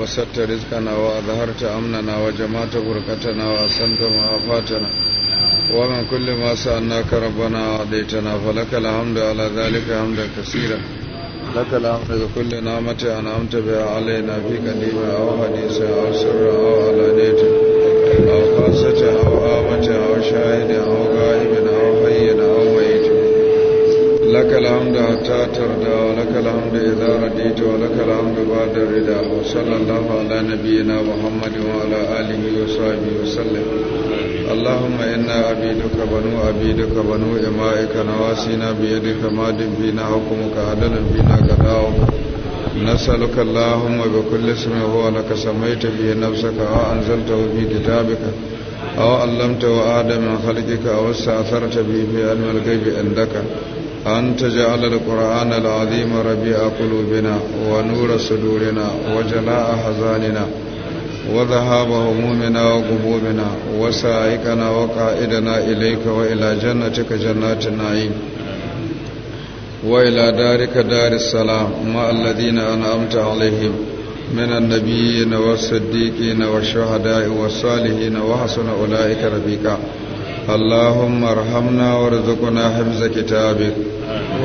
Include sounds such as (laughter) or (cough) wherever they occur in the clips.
وسدت رزقنا وأظهرت أمننا وجمعت بركتنا وأسنت معافاتنا ومن كل ما سألناك ربنا وعديتنا فلك الحمد على ذلك حمدا كثيرا لك الحمد لكل نعمة أنعمت بها علينا في قديمة أو حديثة أو سر أو علانية أو خاصة أو آمة أو شاهد أو غائب لك الحمد حتى ترضى ولك الحمد إذا رضيت ولك الحمد بعد الرضا وصلى الله على نبينا محمد وعلى آله وصحبه وسلم اللهم إنا عبيدك بنو عبيدك بنو إمائك نواسينا بيدك ماد فينا حكمك عدل فينا قضاؤك نسألك اللهم بكل اسم هو لك سميت به نفسك وأنزلته في كتابك أو علمته آدم من خلقك أو استأثرت به في علم الغيب عندك أن تجعل القرآن العظيم ربيع قلوبنا ونور صدورنا وجلاء حزاننا وذهاب همومنا وغمومنا وسائقنا وقائدنا إليك وإلى جنتك جنات النعيم وإلى دارك دار السلام مع الذين أنعمت عليهم من النبيين والصديقين والشهداء والصالحين وحسن أولئك رفيقا اللهم ارحمنا وارزقنا حفظ كتابك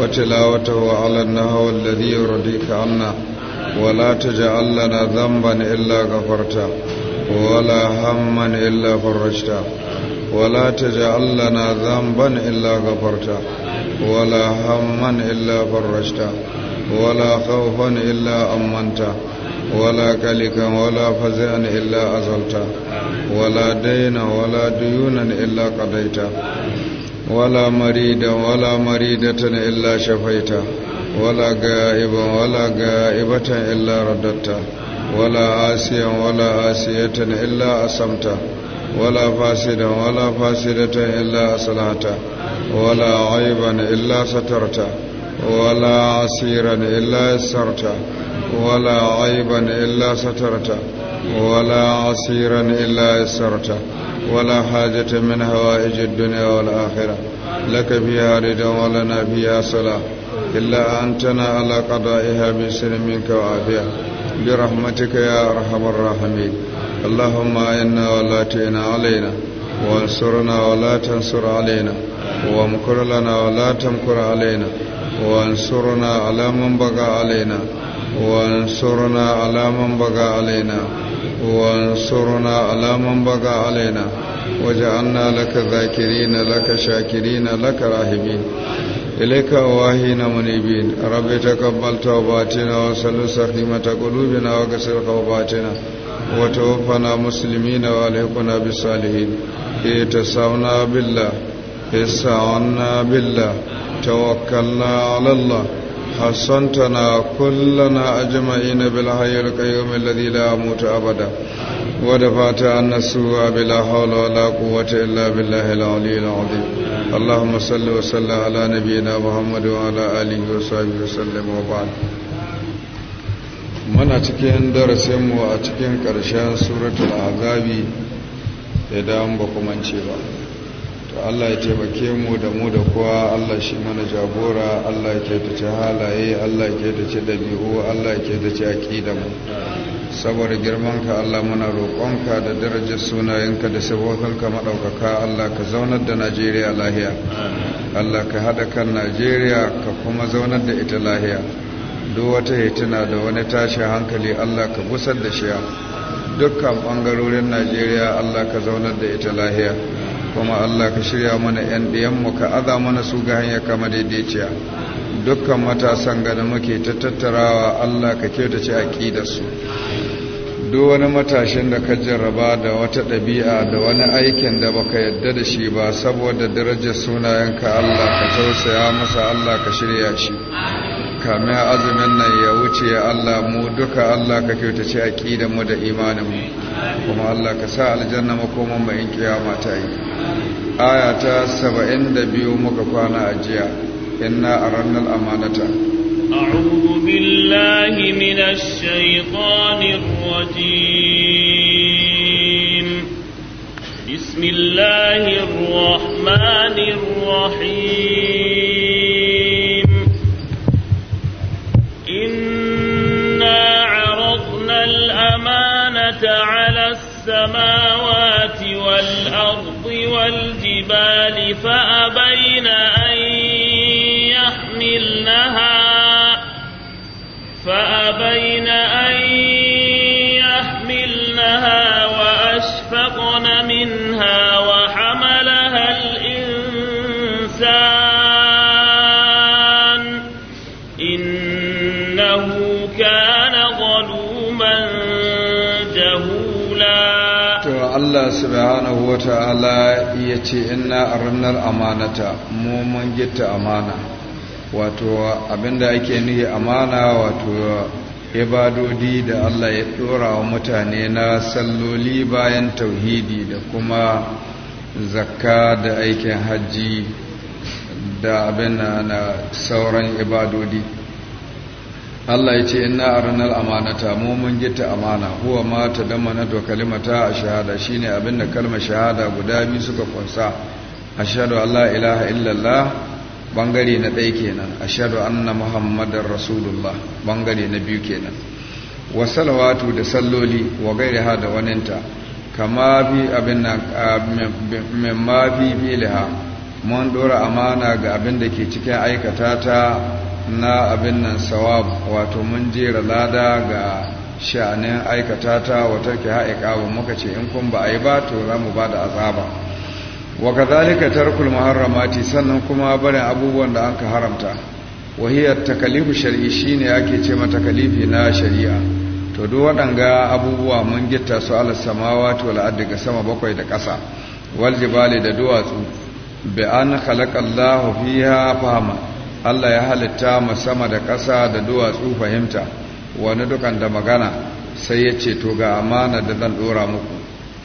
وتلاوته على النهو الذي يرضيك عنا ولا تجعل لنا ذنبا إلا غفرته ولا هما إلا فرجته ولا تجعل لنا ذنبا إلا غفرته ولا هما إلا فرجته ولا خوفا إلا أمنته ولا كلكا ولا فزعا إلا أزلتا ولا دينا ولا ديونا إلا قضيتا ولا مريدا ولا مريدة إلا شفيتا ولا غائبا ولا غائبة إلا رددتا ولا عاسيا ولا عاسية إلا أسمتا ولا فاسدا ولا فاسدة إلا أصلحتا ولا عيبا إلا سترتا ولا عسيرا إلا يسرتا ولا عيبا إلا سترته ولا عسيرا إلا يسرته ولا حاجة من هوائج الدنيا والآخرة لك فيها رضا ولنا فيها صلاة إلا أنتنا على قضائها بسر منك وعافية برحمتك يا أرحم الراحمين اللهم إنا ولا تئنا علينا وانصرنا ولا تنصر علينا وامكر لنا ولا تمكر علينا وانصرنا على من بغى علينا وانصرنا على من بغى علينا وانصرنا على من بغى علينا وجعلنا لك ذاكرين لك شاكرين لك راهبين إليك أواهينا منيبين ربي تقبل توباتنا وسل سخيمة قلوبنا وكسر خوباتنا وتوفنا مسلمين وألحقنا بالصالحين إتساونا بالله استعنا بالله توكلنا على الله حسنتنا كلنا أجمعين بالحي القيوم الذي لا موت أبدا ودفعت عنا السوء بلا حول ولا قوة إلا بالله العلي العظيم اللهم صل وسلم على نبينا محمد وعلى آله وصحبه وسلم وبعد من أتكين درسهم وأتكين كرشان سورة العذاب azabi idan أنشيبا to Allah ya taimake mu da mu da kowa Allah shi mana jagora Allah ya ketace halaye Allah ya ketace dabi'u Allah ya ketace aqida mu saboda girmanka Allah muna roƙonka da darajar sunayenka da sabokanka madaukaka Allah ka zaunar da Najeriya lahiya Allah ka hada kan Najeriya ka kuma zaunar da ita lahiya duk wata hitina da wani tashin hankali Allah ka busar da shi dukkan bangarorin Najeriya Allah ka zaunar da ita lahiya kuma Allah ka shirya mana ‘yan ɗiyanmu ka aza mana su ga hanyar kama daidaiciya dukkan matasan gada muke ta tattarawa Allah ka kyautace su duk wani matashin da ka jarraba da wata ɗabi'a da wani aikin da baka yadda da shi ba saboda darajar ka Allah ka tausaya masa Allah ka shirya shi kamin azumin nan ya wuce Allah mu duka Allah ka kyautace aqidan mu da imanin kuma Allah ka sa aljanna makoman mu in kiyama ta yi aya 72 muka kwana a jiya inna arannal amanata a'udhu billahi minash shaitanir rajim bismillahir rahmanir rahim على السماوات والأرض والجبال فأبين أن يحملنها فأبين أن يحملنها وأشفقن منها وحملها الإنسان Allah subhanahu wa ta'ala ya ce ina a ranar amanata mu mun gitta amana wato abinda ake nuhi amana wato ibadodi da Allah ya ɗora wa mutane na salloli bayan tauhidi da kuma zakka da aikin hajji da abin na sauran ibadodi Allah ya ce inna arnal amanata mu mun gita amana huwa ma ta na to kalimata a shahada shine abinda kalmar shahada guda biyu suka kunsa ashhadu an la ilaha illallah bangare na ɗaya kenan ashhadu anna muhammadar rasulullah bangare na biyu kenan wa salawatu da salloli wa gairaha da waninta kama fi abin nan min ma filiha mun dora amana ga abin da ke cikin aikata ta na abin nan sawab wato mun jera lada ga sha'anin aikata ta wata ke ha'ika ba muka ce in kun ba a yi ba to za mu ba da azaba wa kadhalika tarkul muharramati sannan kuma barin abubuwan da anka haramta wa hiya takalifu shar'i shine ake ce mata takalifi na shari'a to duk waɗanga abubuwa mun gitta su ala samawati wal ardi ga sama bakwai da ƙasa wal jibali da duwatsu bi an khalaqa Allahu fiha fahama Allah ya halitta mu sama da ƙasa da duwatsu fahimta wani dukan da magana sai ya ce to ga amana da zan dora muku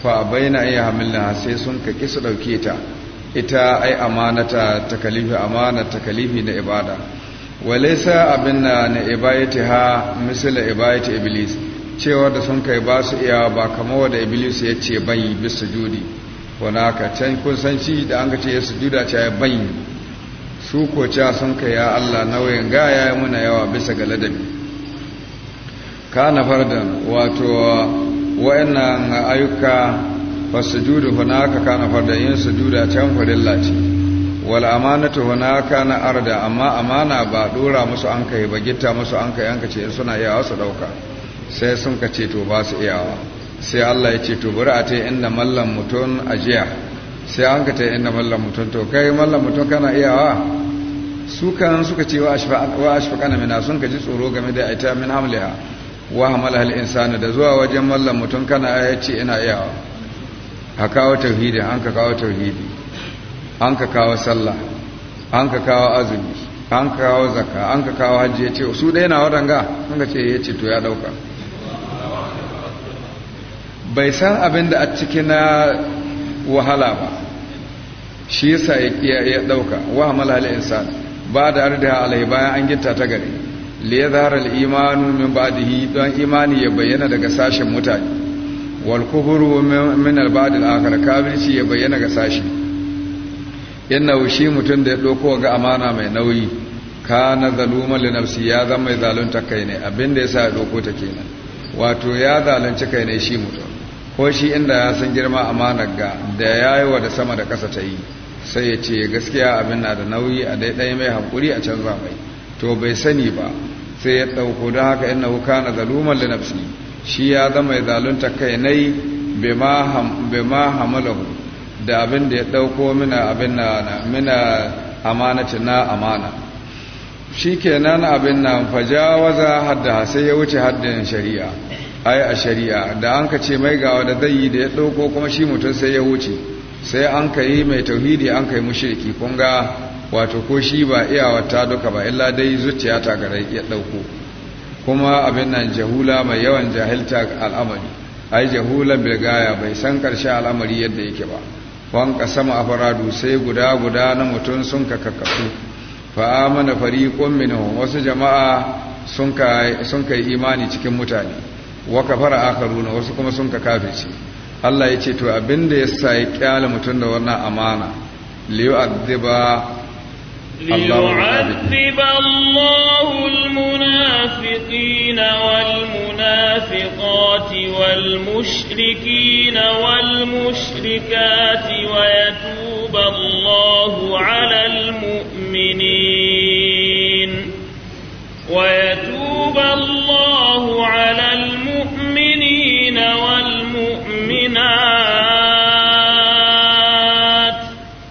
fa baina iya hamilna sai sun ka kisa su dauke ta ita ai amanata takalifi amana takalifi na ibada walaisa abin na na ibayati ha misla ibayati iblis cewa da sun kai ba su iya ba kamar wanda iblis ya ce bai bisujudi wanaka wana can kun san shi da an ga ce ya sujuda ce ya bai su ko ca sun ka ya Allah nauyin ga ya yi muna yawa bisa ga ladabi na fardan wato wa'annan ayyuka fasujudu hunaka na fardan yin su juda can farilla ce wal amanatu hunaka na arda amma amana ba dora musu an kai ba gitta musu an kai an ka ce suna iyawa su dauka sai sun ka ce to ba su iyawa sai Allah ya ce to bari a ta inda mallan mutum ajiya sai an ka ta inda mallan mutum to kai mallan mutum kana iyawa su kan suka ce wa na mina sun ka ji tsoro game da ita min hamliha wa hamala al insana da zuwa wajen mallam mutum kana ya ce ina iyawa a kawo tauhidi an ka kawo tauhidi an ka kawo sallah an ka kawo azumi an ka kawo zakka an ka kawo hajji ya ce su dai na wadanga sun ka ce ya ce to ya dauka bai san abin da a ciki na wahala ba shi yasa ya dauka wa hamala al insana ba da ardiha alai bayan an gitta ta gare li yadhara al imanu min ba'dihi don imani ya bayyana daga sashen mutane wal kufru min al ba'd al akhar kafirci ya bayyana ga sashi inna shi mutun da ya dauko ga amana mai nauyi kana zaluma li nafsi ya zama mai zalunta kai ne abinda yasa ya dauko ta kenan wato ya zalunci kai ne shi mutum ko shi inda ya san girma amanar ga da yayi wa da sama da kasa ta yi sai ya ce gaskiya abin na da nauyi a daidai mai hankuri a canza mai to bai sani ba sai ya ɗauko don haka ina wuka na zaluman linafsi shi ya zama ya zalunta kai nai bai ma hamalahu da abin da ya ɗauko mina abin na mina amanacin na amana shi kenan abin na waza hadda sai ya wuce haddin shari'a ai a shari'a da an ka ce mai gawa da zai yi da ya ɗauko kuma shi mutum sai ya wuce sai an ka yi mai tauhidi an ka yi mushriki kunga wato ko shi ba wata duka ba illa dai zuciya ta gare ya ɗauko kuma abin nan jahula mai yawan jahilta al'amari ai jahulan bilgaya bai san karshe al'amari yadda yake ba wanka sama afaradu sai guda guda na mutum sun ka kakkasu fa amana fariqun minhum wasu jama'a sun ka sun kai imani cikin mutane wa kafara akharuna wasu kuma sun ka kafirci Allah ya ce to abin da ya sa ya kyale mutum da wannan amana liyu'adhiba ليعذب الله المنافقين والمنافقات والمشركين والمشركات ويتوب الله على المؤمنين ويتوب الله على المؤمنين والمؤمنات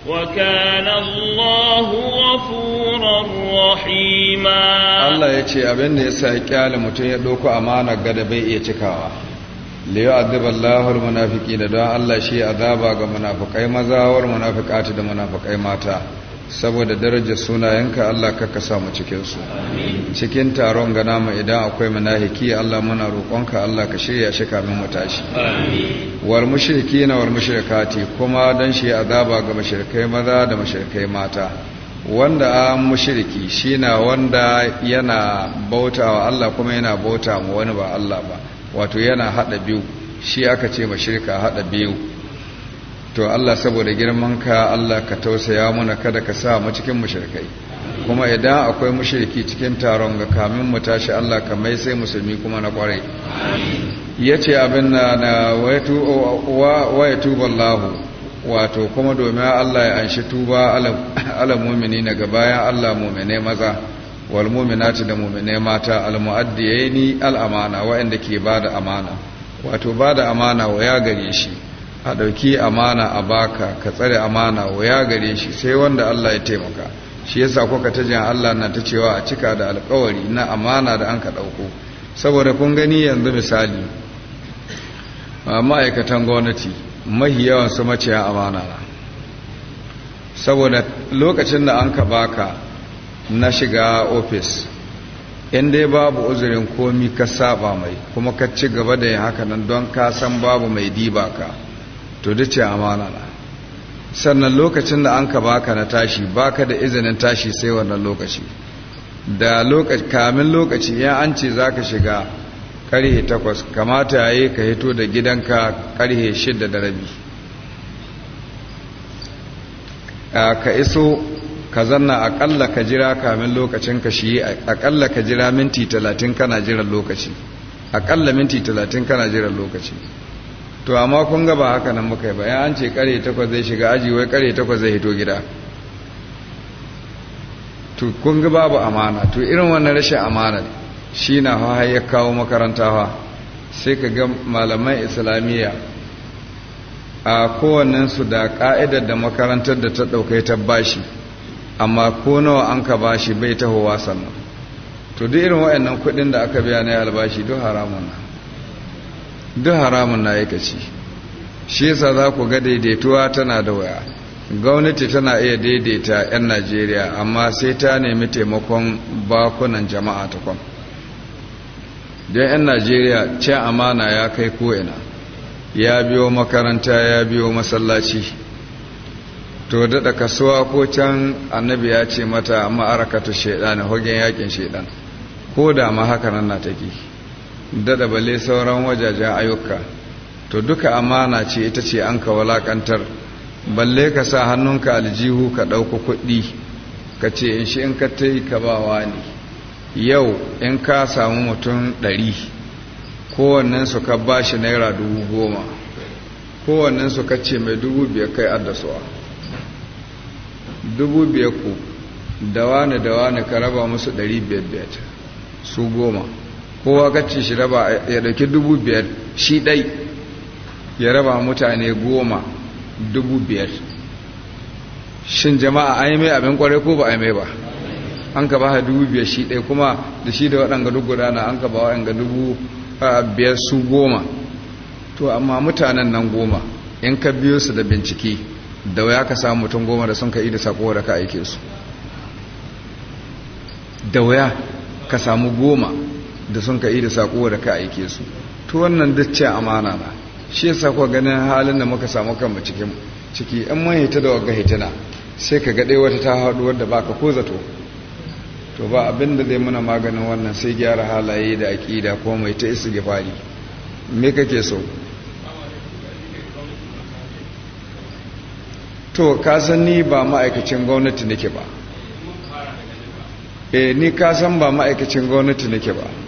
وكان الله غفورا رحيما الله يجي أبن يسا يكال متن يدوك أمانا قد بي ليو ليعذب الله المنافقين دعا الله شيء منافق أي مزا منافقات دا أي ماتا saboda darajar sunayenka Allah ka kasa mu cikinsu cikin taron gana mu idan akwai manahiki Allah muna roƙonka Allah ka shirya shi kamin mu tashi war mushriki na war mushrikati kuma dan shi azaba ga mushrikai maza da mushrikai mata wanda an mushriki na wanda yana bautawa Allah kuma yana bauta wani ba Allah ba wato yana hada biyu shi aka ce mushrika hada biyu to Allah saboda girman ka, Allah ka tausaya mana kada ka sa mu cikin mushrikai kuma idan akwai mushriki cikin taron ga kamin mu tashi Allah ka mai sai musulmi kuma na kwarai yace abin na na wayatu wa wallahu wato kuma domin Allah ya anshi tuba alal naga ga bayan Allah mu'mine maza wal mu'minati da mu'mine mata al mu'addiyaini al amana wa'anda ke bada amana wato bada amana wa ya gare shi a ɗauki amana a baka ka tsare amana waya gare shi sai wanda Allah ya taimaka shi yasa kuka ta jin Allah na ta cewa a cika da alkawari na amana da an ka ɗauko saboda kun gani yanzu misali ma'aikatan gwamnati mahi yawan su maciya amana na saboda lokacin da an ka baka na shiga ofis in dai babu uzurin komi ka saba mai kuma ka ci gaba da yin haka nan don ka san babu mai diba ka to ce amana na sannan lokacin da an ka baka na tashi baka da izinin tashi sai wannan lokaci da lokaci kamin lokaci ya an ce za ka shiga karhe takwas kamata ya yi ka hito da gidanka karhe shida da rabi ka iso ka zanna akalla ka jira kamin lokacin ka shi akalla ka jira minti talatin kana jiran lokaci akalla minti talatin kana jiran lokaci to amma kun ga ba haka nan muka yi ba an ce kare takwas zai shiga aji wai kare takwas zai hito gida to kun ga babu amana to irin wannan rashin amana shi na hawa ya kawo makaranta hawa sai ka ga malaman islamiyya a kowannensu da ka'idar da makarantar da ta ɗaukai ta bashi amma ko nawa an ka bashi bai tahowa sannan to duk irin waɗannan kuɗin da aka biya na yi albashi duk haramun na duk haramun na yake ci shi yasa za ku ga daidaituwa tana da waya gwamnati tana iya daidaita 'yan najeriya amma sai ta nemi taimakon bakunan jama'a ta kwan don 'yan najeriya ce amana ya kai ko'ina ya biyo makaranta ya biyo masallaci to daɗa kasuwa ko can annabi ya ce mata ma'arakatu shaidan hogen yakin shaidan ko da ma haka nan na take daɗa balle sauran wajajen ayyuka to duka amana ce ita ce an ka walakantar balle ka sa hannunka aljihu ka ɗauka kuɗi ka ce in shi in ka ta yi ka ba wani yau in ka samu mutum ɗari kowannensu ka ba shi naira dubu goma kowannensu ka ce mai dubu biyar kai addasuwa dubu biyar ku da dawane da ka raba musu ɗari biyar biyar su goma kowa kacce shi raba ya dauki dubu biyar shi dai ya raba mutane goma dubu biyar shin jama'a an yi mai abin kwarai ko ba a yi mai ba an ka ba ha dubu biyar shi ɗaya kuma da shi da waɗanga duk gudana an ka ba waɗanga dubu biyar su goma to amma mutanen nan goma in ka biyo su da bincike da waya ka samu mutum goma da sun ka da sako da ka aike su da waya ka samu goma da sun ka yi da sako da ka aike su to wannan dace amana na shi yasa kuwa ganin halin da muka samu kanmu cikin ciki in mun hita da wagga hitina sai ka ga wata ta haɗu wadda baka ko zato to ba abin da zai muna maganin wannan sai gyara halaye da aƙida ko mai ta isi gifari me kake so to ka san ni ba ma'aikacin gwamnati nake ba eh ni ka san ba ma'aikacin gwamnati nake ba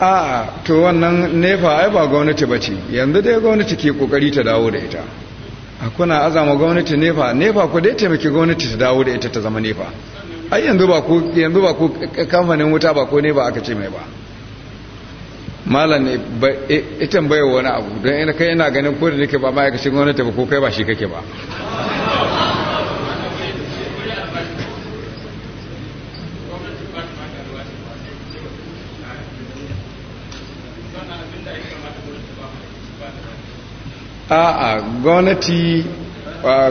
a to wannan nefa ai ba gwamnati ba ce yanzu dai gwamnati ke kokari ta dawo da ita a kuna azama gwamnati nefa nefa ku dai taimaki gwamnati ta dawo da ita ta zama nefa ai yanzu ba ku yanzu ba ku kamfanin wuta ba ko nefa aka ce mai ba malam ne ita bai wani abu don ina kai ina ganin ko da nake ba ma'aikacin gwamnati ba ko kai ba shi kake ba a'a gwamnati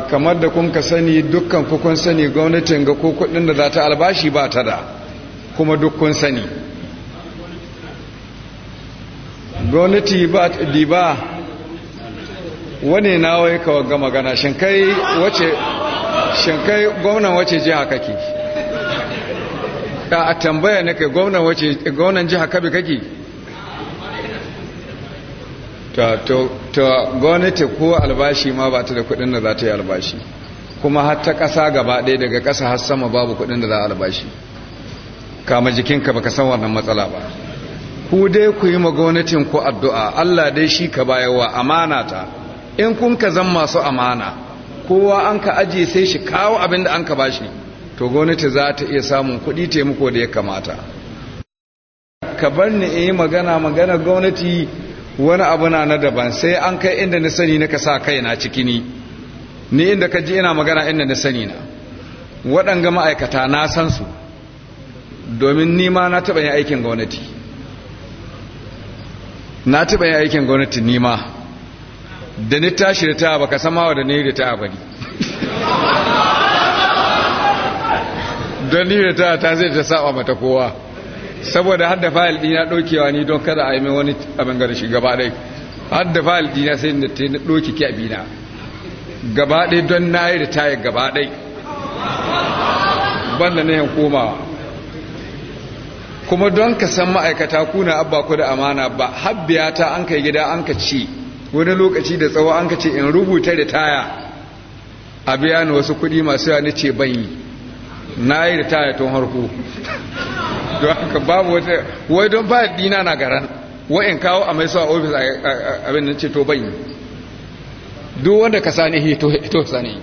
kamar da kun ka sani dukkan kukun sani gwamnatin ga ko da za ta albashi ba ta da kuma dukkan sani gwamnati ba diba wane nawai kawar ga magana shinkai wace shinkai gwamnan wace jiha kake a tambaya na kai gwamnan jiha kabi kake to to gwamnati ko albashi ma ba ta da kuɗin da za ta yi albashi kuma har ta ƙasa gaba ɗaya daga ƙasa har sama babu kuɗin da za a albashi kama jikinka baka san wannan matsala ba ku dai ku yi ma gwamnatin ku addu'a Allah dai shi ka bayarwa amana ta in kun ka zan masu amana kowa an ka aje sai shi kawo abin da an ka bashi to gwamnati za ta iya samun kuɗi taimako da ya kamata ka bar ni in yi magana magana gwamnati wani abu na na daban sai an kai inda na sani na ka sa na ciki ni ni inda ka ji ina magana inda na sani na waɗanga ma'aikata na san su domin nima na taɓa yin aikin gwamnati na taɓa yin aikin gwamnati nima da ni tashi da ta baka wa da ni da ta bari (laughs) don ni da ta ta zai ta saba mata kowa saboda hadda fayil dina dokewa ni don kada a yi mai wani abin gari shi gaba dai hadda fayil dina sai da ta doke ki abina gaba dai don na yi da yi gaba dai banda na yin komawa kuma don ka san ma'aikata kuna abba ku da amana ba habbiya ta an kai gida an ka ci wani lokaci da tsawo an ka ce in rubuta da taya a biya ni wasu kuɗi masu yawa ni ce ban yi na yi ritaya tun harko don haka babu wata wai don ba dina na garan wa'in kawo a mai sa ofis abin da ce to bai duk wanda ka sani hito hito sani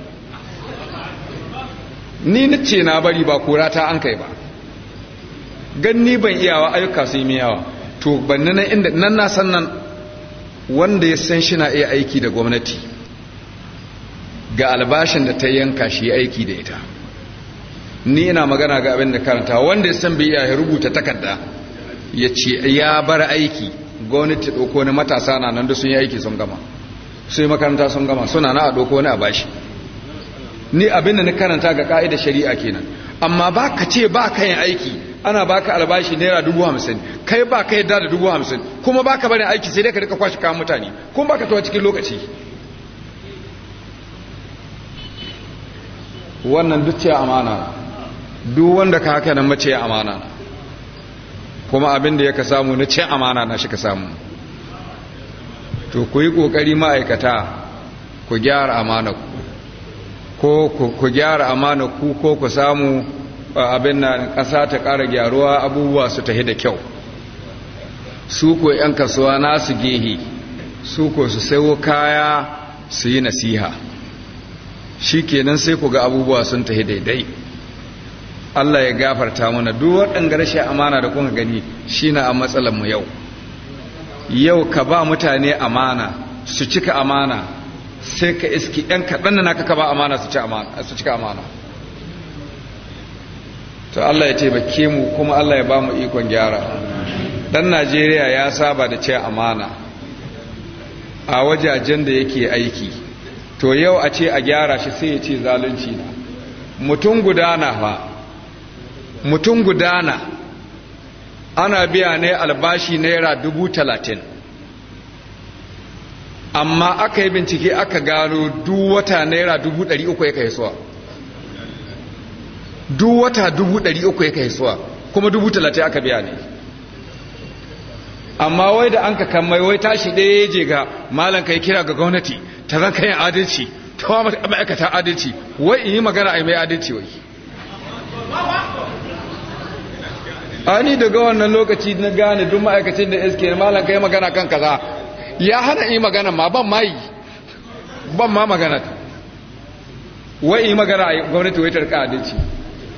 ni na ce na bari ba kura ta an kai ba gan ni ban iyawa ayyuka su yi miyawa to banni nan inda nan na san nan wanda ya san shi na iya aiki da gwamnati ga albashin da ta yanka shi aiki da ita ni ina magana ga abin da karanta wanda ya san bai iya rubuta takarda ya ce ya bar aiki gwamnati ɗauko na matasa na nan da sun yi aiki sun gama su yi makaranta sun gama suna na a ɗauko na a bashi ni abin da na karanta ga ka'idar shari'a kenan amma ba ka ce ba ka yin aiki ana ba ka albashi naira dubu hamsin kai ba ka yadda da dubu hamsin kuma ba ka barin aiki sai dai ka rika kwashe kayan mutane kuma ba ka tawa cikin lokaci wannan duk ce amana duk wanda ka haka nan mace amana kuma abin da ya ka samu na ce amana na shi ka samu to ku yi ƙoƙari ma'aikata ku gyara amana ku ko ku gyara amana ku ko ku samu abin na ƙasa ta ƙara gyaruwa abubuwa su tahi da kyau su ko 'yan kasuwa nasu gehe su ko su sayo kaya su yi nasiha shi kenan sai ku ga abubuwa sun tahi daidai Allah ya gafarta mana duk waɗanda rashin amana da kuka gani shine a matsalar mu yau yau ka ba mutane amana su cika amana sai ka iski ɗan kaɗan na ka ba amana su cika amana to Allah ya taimake mu kuma Allah ya ba mu ikon gyara dan Najeriya ya saba da ce amana a wajajen da yake aiki to yau a ce a gyara shi sai ya ce zalunci na mutum gudana fa mutum gudana ana biya ne albashi naira dubu talatin amma aka yi bincike aka gano duk wata naira dubu ɗari uku ya kai suwa duk wata dubu ɗari uku ya kai suwa kuma dubu talatin aka biya ne amma wai da an ka kammai wai tashi ɗaya je ga malam kai kira ga gwamnati ta zan kayan adalci ta ma'aikata adalci wai in yi magana a yi mai adalci wai ani daga wannan lokaci na gane duk ma'aikacin da iske malam kai magana kan kaza ya hana yi magana ma ban ma yi ban ma magana wai yi magana a gwamnati wai tarka adalci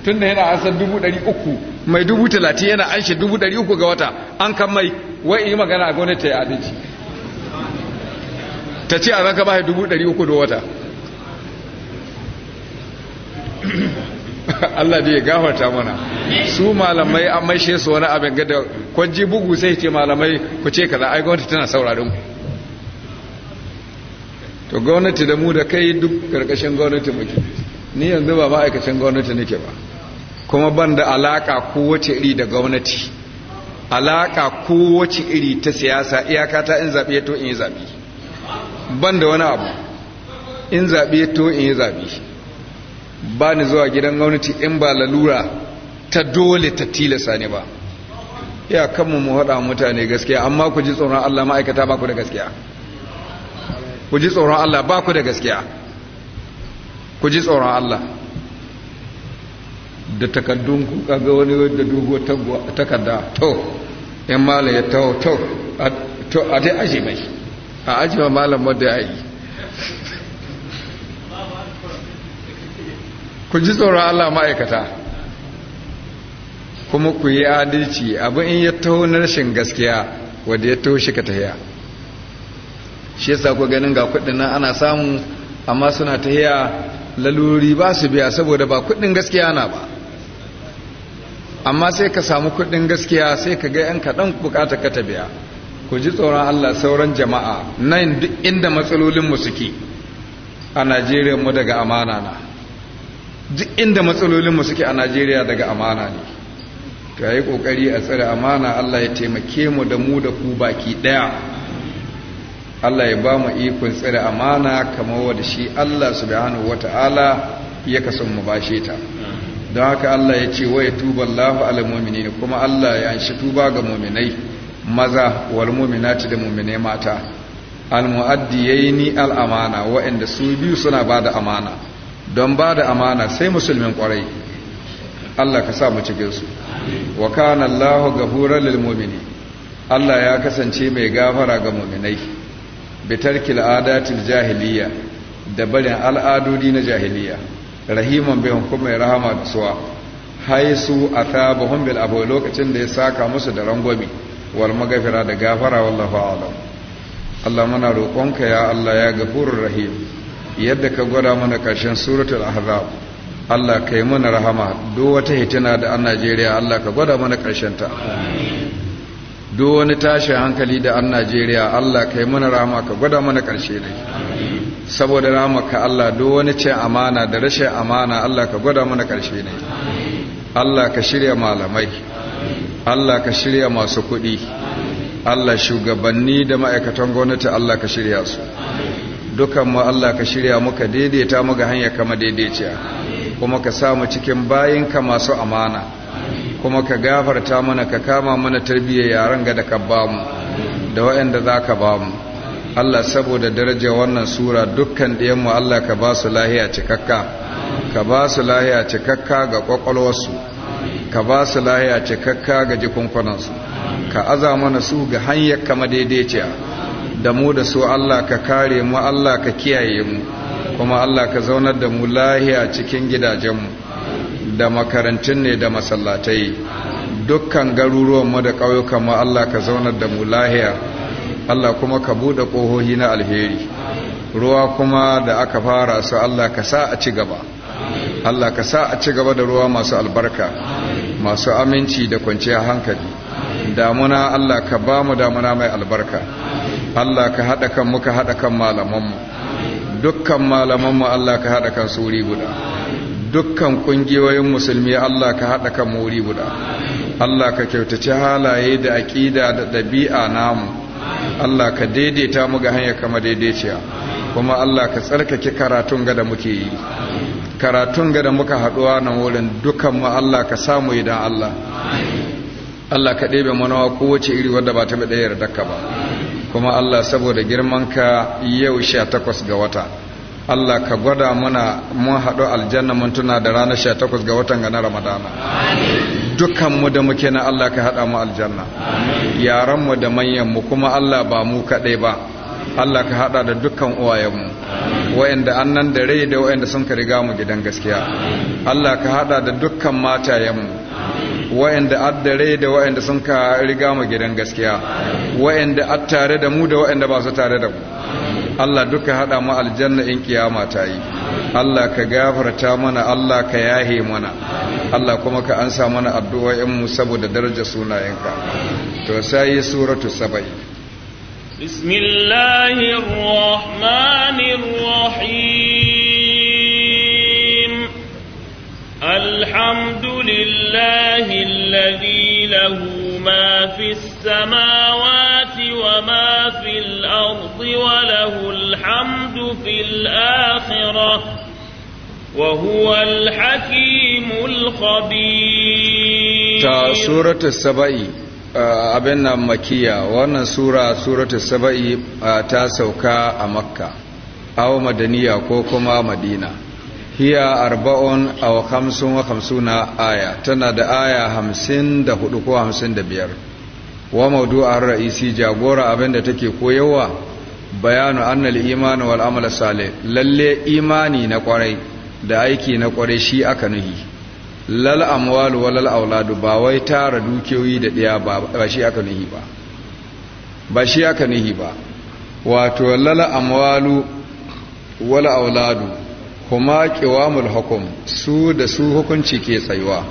tun da yana asar dubu ɗari uku mai dubu talatin yana an shi dubu ɗari uku ga wata an kan mai wai yi magana a gwamnati ya adalci ta ce a zaka ba dubu ɗari uku da wata (laughs) Allah da ya gafata mana su malamai an maishe su wani abin ga da kwanji bugu sai ce malamai ku ce kaza ai gwamnati tana sauraron to gwamnati da mu da kai duk karkashin gwamnati muke ni yanzu ba ma'aikacin gwamnati nake ba kuma ban da alaka kowace iri da gwamnati alaka kowace iri ta siyasa iyaka ta in zaɓe to in yi zaɓe ban da wani abu in zaɓe to in yi zaɓe ba ni zuwa gidan gwamnati in ba lalura ta dole ta tilasa ne ba ya kanmu mu haɗa mutane gaskiya amma ku ji tsoron Allah ma'aikata ba ku da gaskiya ku ji tsoron Allah ba ku da gaskiya ku ji tsoron Allah da takaddun ku kaga wani da dogo takarda to in malam ya tawo to a dai aje mai a aje ma malam wanda ya yi ku ji tsoron Allah ma'aikata kuma ku yi adalci abu in ya taho na rashin gaskiya wadda ya taho shi ka tahiya shi yasa ku ganin ga kuɗin nan ana samu amma suna tahiya laluri ba su biya saboda ba kuɗin gaskiya na ba amma sai ka samu kuɗin gaskiya sai ka ga yan kaɗan bukata ka ta biya ku ji tsoron Allah sauran jama'a nan duk inda matsalolinmu suke a Najeriya mu daga amana na duk inda mu suke a najeriya daga amana ne to ya yi ƙoƙari a tsare amana allah ya taimake mu da mu da ku baki ɗaya allah ya ba mu ikon tsare amana kamar wadda shi allah subhanahu wata'ala ya kasan mu bashe ta don haka allah ya ce wa ya tuba allahu ala mu'minin kuma allah ya anshi tuba ga mu'minai maza wal mu'minati da mu'minai mata al mu'addiyaini al amana wa'anda su biyu suna ba da amana don ba da amana sai musulmin kwarai Allah ka sa mu cikin su wa kana Allahu ghafuran lil Allah ya kasance mai gafara ga mu'minai bitar adatil jahiliya da barin al'adodi na jahiliya rahiman bihum kuma mai rahama da suwa haisu athabahum bil abu lokacin da ya saka musu da rangwami wal magafira da gafara wallahu a'lam Allah muna roƙonka ya Allah ya gafurur rahim yadda ka gwada mana ƙarshen suratul ahzab Allah ka yi mana rahama duk wata hitina da an Najeriya Allah ka gwada mana ta. duk wani tashin hankali da an Najeriya Allah ka yi mana rahama ka gwada mana ƙarshe ne saboda rahama ka Allah duk wani cin amana da rashin amana Allah ka gwada mana ƙarshe ne Allah ka shirya malamai Allah ka shirya masu kuɗi Allah shugabanni da ma'aikatan gwamnati Allah ka shirya su dukan mu Allah ka shirya muka daidaita mu ga hanya kama daidaiciya kuma ka samu cikin ka masu amana kuma ka gafarta mana ka kama mana tarbiyyar yaran ga da ka bamu da waɗanda za ka bamu Allah saboda darajar wannan sura dukkan mu Allah ka ba su lahiya cikakka ka ba su lahiya cikakka ga ƙwaƙwalwarsu ka ba su lahiya cikakka ga jikunkunansu ka aza mana su ga hanyar kama daidaiciya da mu da su Allah ka kare mu Allah ka kiyaye mu kuma Allah ka zaunar da mu lahiya cikin gidajenmu da makarantun ne da masallatai dukkan garuruwanmu da ƙauyukanmu Allah ka zaunar da mu lahiya Allah kuma ka buɗe ƙohohi na alheri ruwa kuma da aka fara su Allah ka sa a ci gaba Allah ka sa a ci gaba da ruwa masu albarka masu aminci da kwanciyar hankali damuna Allah ka ba mu damuna mai albarka Allah ka haɗa kan muka haɗa kan malamanmu dukkan malamanmu Allah ka haɗa kan su wuri guda dukkan ƙungiyoyin musulmi Allah ka haɗa kan mu wuri guda Allah ka kyautace halaye da aƙida da ɗabi'a namu Allah ka daidaita mu ga hanyar kama daidaiciya kuma Allah ka tsarkake karatun ga da muke yi karatun ga da muka haɗuwa na wurin dukkan mu Allah ka samu idan Allah Allah ka ɗebe manawa kowace iri wadda ba ta bi ɗaya yardarka ba kuma Allah saboda girmanka yau sha takwas ga wata Allah ka gwada mana mun haɗu aljanna mun tuna da ranar sha takwas ga watan ga na Ramadana dukkanmu da muke na Allah ka haɗa mu aljanna yaranmu da manyanmu kuma Allah ba mu kaɗai ba Allah ka haɗa da dukkan uwayenmu wa'anda annan da rai da wa'anda sun ka riga mu gidan gaskiya Allah ka haɗa da dukkan matayenmu wa'anda addare da wa'anda sun ka riga mu gidan gaskiya wa'anda attare da mu da wa'anda ba su tare da mu Allah duka hada mu aljanna in kiyama ta yi Allah ka gafarta mana Allah ka yahe mana Allah kuma ka ansa mana in mu saboda darajar sunayenka to sai suratu sabai بسم الحمد لله الذي له ما في السماوات وما في الأرض وله الحمد في الآخرة وهو الحكيم الخبير سورة السبعي abin nan makiya wannan sura suratul saba'i ta sauka a makka aw madaniya ko kuma madina hiya arba'un aw hamsin wa na aya tana da aya hamsin da hudu ko hamsin da biyar wa maudu mawdu'ar ra'isi jagora abinda take koyarwa bayanu annal iman wal amal salih lalle imani na kwarai da aiki na kwarai shi aka nuhi lal amwal wal auladu ba wai tara dukiyoyi da ɗaya ba shi aka nuhi ba ba shi aka nuhi ba wato lal amwalu wal kuma kiwamul hukum su da su hukunci ke tsayuwa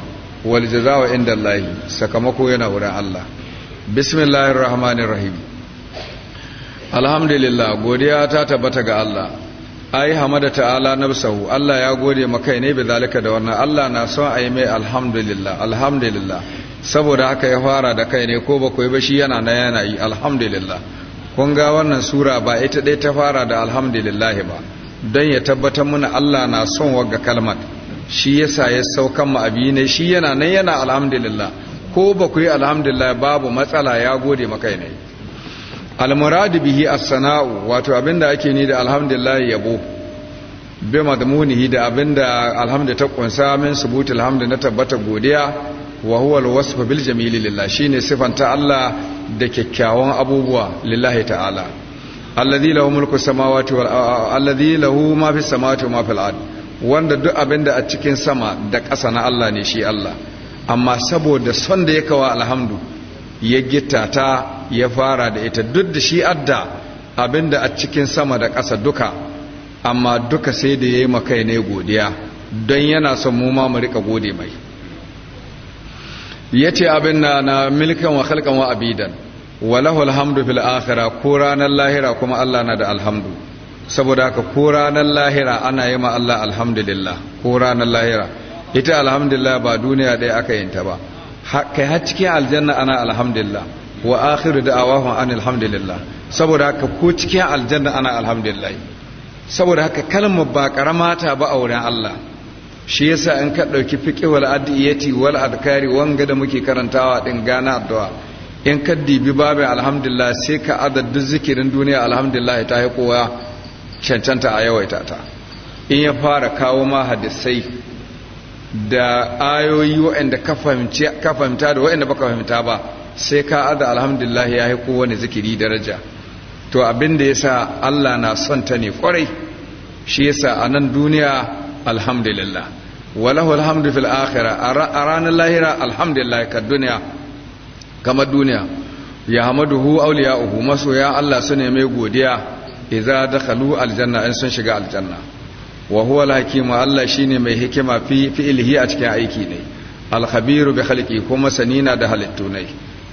wal jazaa'u inda Allah sakamako yana wurin Allah bismillahir rahmanir rahim alhamdulillah godiya ta tabbata ga Allah ai hamada ta'ala nafsahu Allah ya gode maka ne bi zalika da wannan Allah na son ai mai alhamdulillah alhamdulillah saboda haka ya fara da kai ne ko ba koi ba shi yana na yana yi alhamdulillah kun ga wannan sura ba ita dai ta fara da alhamdulillah ba don ya tabbatar muna Allah na son wagga kalmar shi yasa ya saukan mu abi ne shi yana nan yana alhamdulillah ko ba ku yi alhamdulillah babu matsala ya gode maka ne almuradu bihi as-sana'u wato abinda ake ni da alhamdulillah yabo bi madmunihi da abinda alhamdulillah ta kunsa min subut alhamdulillah na tabbata godiya wa huwa al-wasfu bil jamili lillah shine sifanta Allah da kyakkyawan abubuwa lillahi ta'ala alladhi lahu mulku samawati wal alladhi lahu ma fi samawati wa ma fil ard wanda duk abinda a cikin sama da ƙasa na Allah ne shi Allah amma saboda son da ya kawa alhamdu ya gita ta ya fara da ita duk da shi adda abinda a cikin sama da ƙasa duka amma duka sai da ya yi makai ne godiya don yana son mu ma mu rika gode mai yace ce abin na milkan wa halkan wa abidan walahu alhamdu fil akhirah ko ranar lahira kuma Allah na da alhamdu saboda haka ko ranar lahira ana yi ma Allah alhamdulillah ko ranar lahira ita alhamdulillah ba duniya ɗaya aka yin ta ba kai har cikin aljanna ana alhamdulillah wa akhiru da'awahum an alhamdulillah saboda haka ko cikin aljanna ana alhamdulillah saboda haka kalmar ba karama ta ba a wurin Allah shi yasa in ka dauki fiqh wal adiyati wal adkari wanga da muke karantawa din gana addu'a in ka dibi babu alhamdulillah sai ka adadin zikirin duniya alhamdulillah ta yi kowa cancanta a yawaita ta in ya fara kawo ma hadisai da ayoyi waɗanda ka fahimta da waɗanda baka fahimta ba sai ka ada alhamdulillah ya yi kowane zikiri daraja to abin da ya sa Allah na son ta ne kwarai shi ya sa a nan duniya alhamdulillah walahu alhamdulillah a ranar lahira alhamdulillah ka duniya kamar duniya ya hamaduhu maso ya Allah su ne mai godiya idza kalu aljanna in sun shiga aljanna wa huwa alhakim Allah shine mai hikima fi fi'lihi a cikin aiki ne alkhabiru bi khalqi kuma sanina da halittu ne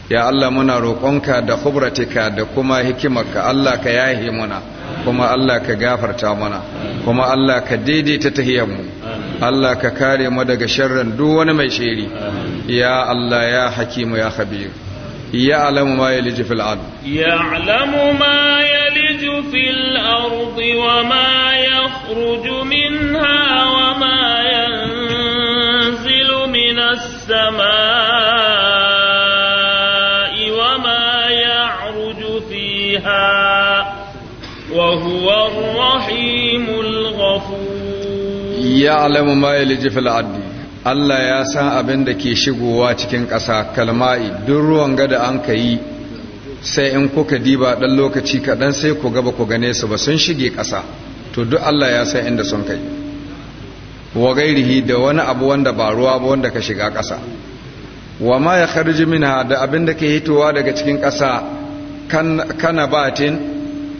ya Allah muna roƙonka da khubratika da kuma hikimarka Allah ka yahi muna kuma Allah ka gafarta mana kuma Allah ka daidaita tahiyyarmu Allah ka kare mu daga sharrin duk wani mai shiri يا الله يا حكيم يا خبير يعلم ما يلج في الأرض يعلم ما يلج في الأرض وما يخرج منها وما ينزل من السماء وما يعرج فيها وهو الرحيم الغفور يعلم ما يلج في الأرض Allah ya san abin da ke shigowa cikin ƙasa kalma'i duk ruwan gada an ka yi sai in kuka diba ɗan lokaci kaɗan sai ku gaba ku gane su ba sun shige ƙasa to duk Allah ya san inda sun kai wa gairihi da wani abu wanda ba ruwa ba wanda ka shiga ƙasa wa ma ya kharji min da abin da ke hitowa daga cikin ƙasa kana batin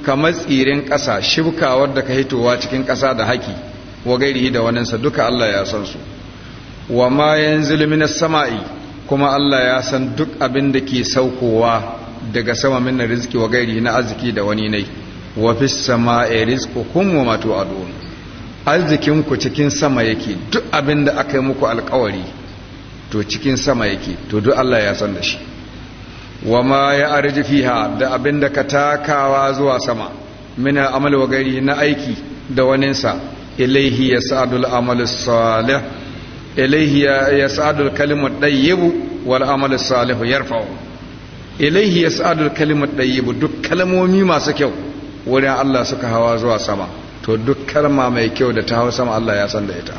kamar tsirin ƙasa shibkawar da ka hitowa cikin ƙasa da haki wa gairihi da waninsa duka Allah ya san su wa ma yanzilu minas sama'i kuma Allah ya san duk abin da ke saukowa daga sama min rizki wa gairi na arziki da wani nai wa fis sama'i kun wa matu a arzikin Arzikinku cikin sama yake duk abin da aka yi muku alkawari to cikin sama yake to duk Allah ya san da shi wa ma ya arji fiha da abin da ka takawa zuwa sama min amal wa gairi na aiki da waninsa ilaihi ya sa'adul amalus salih ilaihi yas'adul kalimar ɗayyibu wal amalu salihu ya yarfa'u ilaihi ya yas'adul kalimar ɗayyibu duk kalmomi masu kyau wurin Allah suka hawa zuwa sama to duk kalma mai kyau da ta hau sama Allah ya san da ita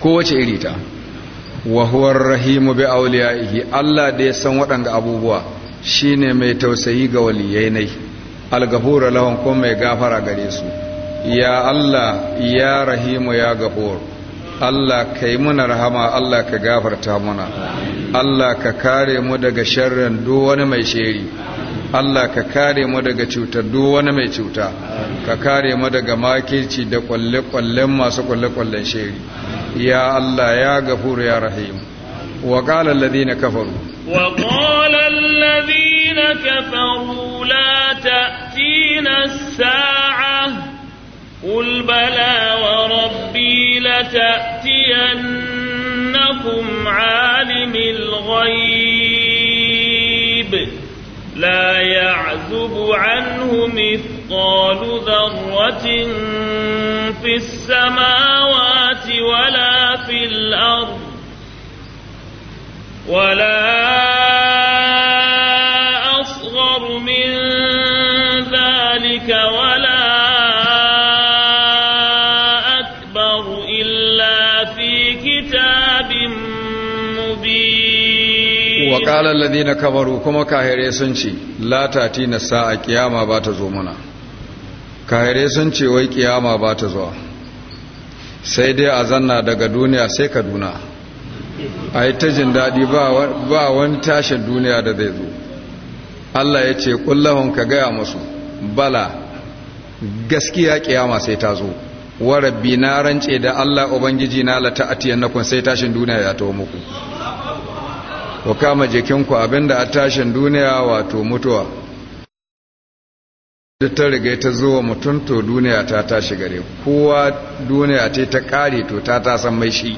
kowace iri ta wa huwa rahimu bi awliyaihi Allah da ya san waɗanda abubuwa shine mai tausayi ga waliyai nai alghafur lahum kuma mai gafara gare su ya Allah ya rahimu ya ghafur Allah ka yi muna rahama Allah ka gafarta muna Allah ka kare mu daga sharrin duk wani mai sheri Allah ka kare mu daga cutar duk wani mai cuta ka kare mu daga makirci da kwalle-kwallen masu kwalle-kwallen sheri ya Allah ya gafur ya rahim wa qala alladhina kafaru wa qala alladhina kafaru la ta'tina as-sa'ah قل بلى وربي لتأتينكم عالم الغيب لا يعزب عنه مثقال ذرة في السماوات ولا في الأرض ولا wakalar ladina kafaru kuma kahirai sun ce latati na sa'a kiyama ba ta zo muna kahirai sun ce wai kiyama ba ta zuwa sai dai a zanna daga duniya sai kaduna a yi ta daɗi ba wani tashin duniya da zai zo allah ya ce ƙullahun ka gaya musu bala gaskiya kiyama sai ta zo wa rabbi na rance da allah ubangiji na lata a tiyan tashin duniya ya taho muku ku kama jikinku abinda a tashin duniya wato mutuwa duk ta riga ta zo wa mutum to duniya ta tashi gare kowa duniya ce ta kare to ta ta san mai shi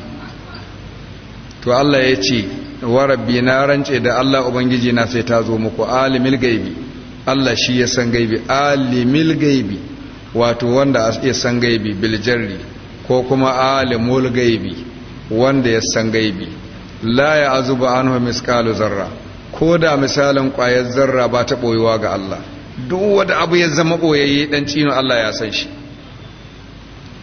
to Allah ya ce wa rabbi na rance da Allah ubangiji na sai ta zo muku alimil gaibi Allah shi ya san gaibi alimil gaibi wato wanda ya san gaibi biljarri ko kuma alimul gaibi wanda ya san gaibi la ya an anhu miskalu zarra ko da misalin ƙwayar zarra ba ta ɓoyewa ga Allah duk wadda abu ya zama ɓoyayye dan cino Allah ya san shi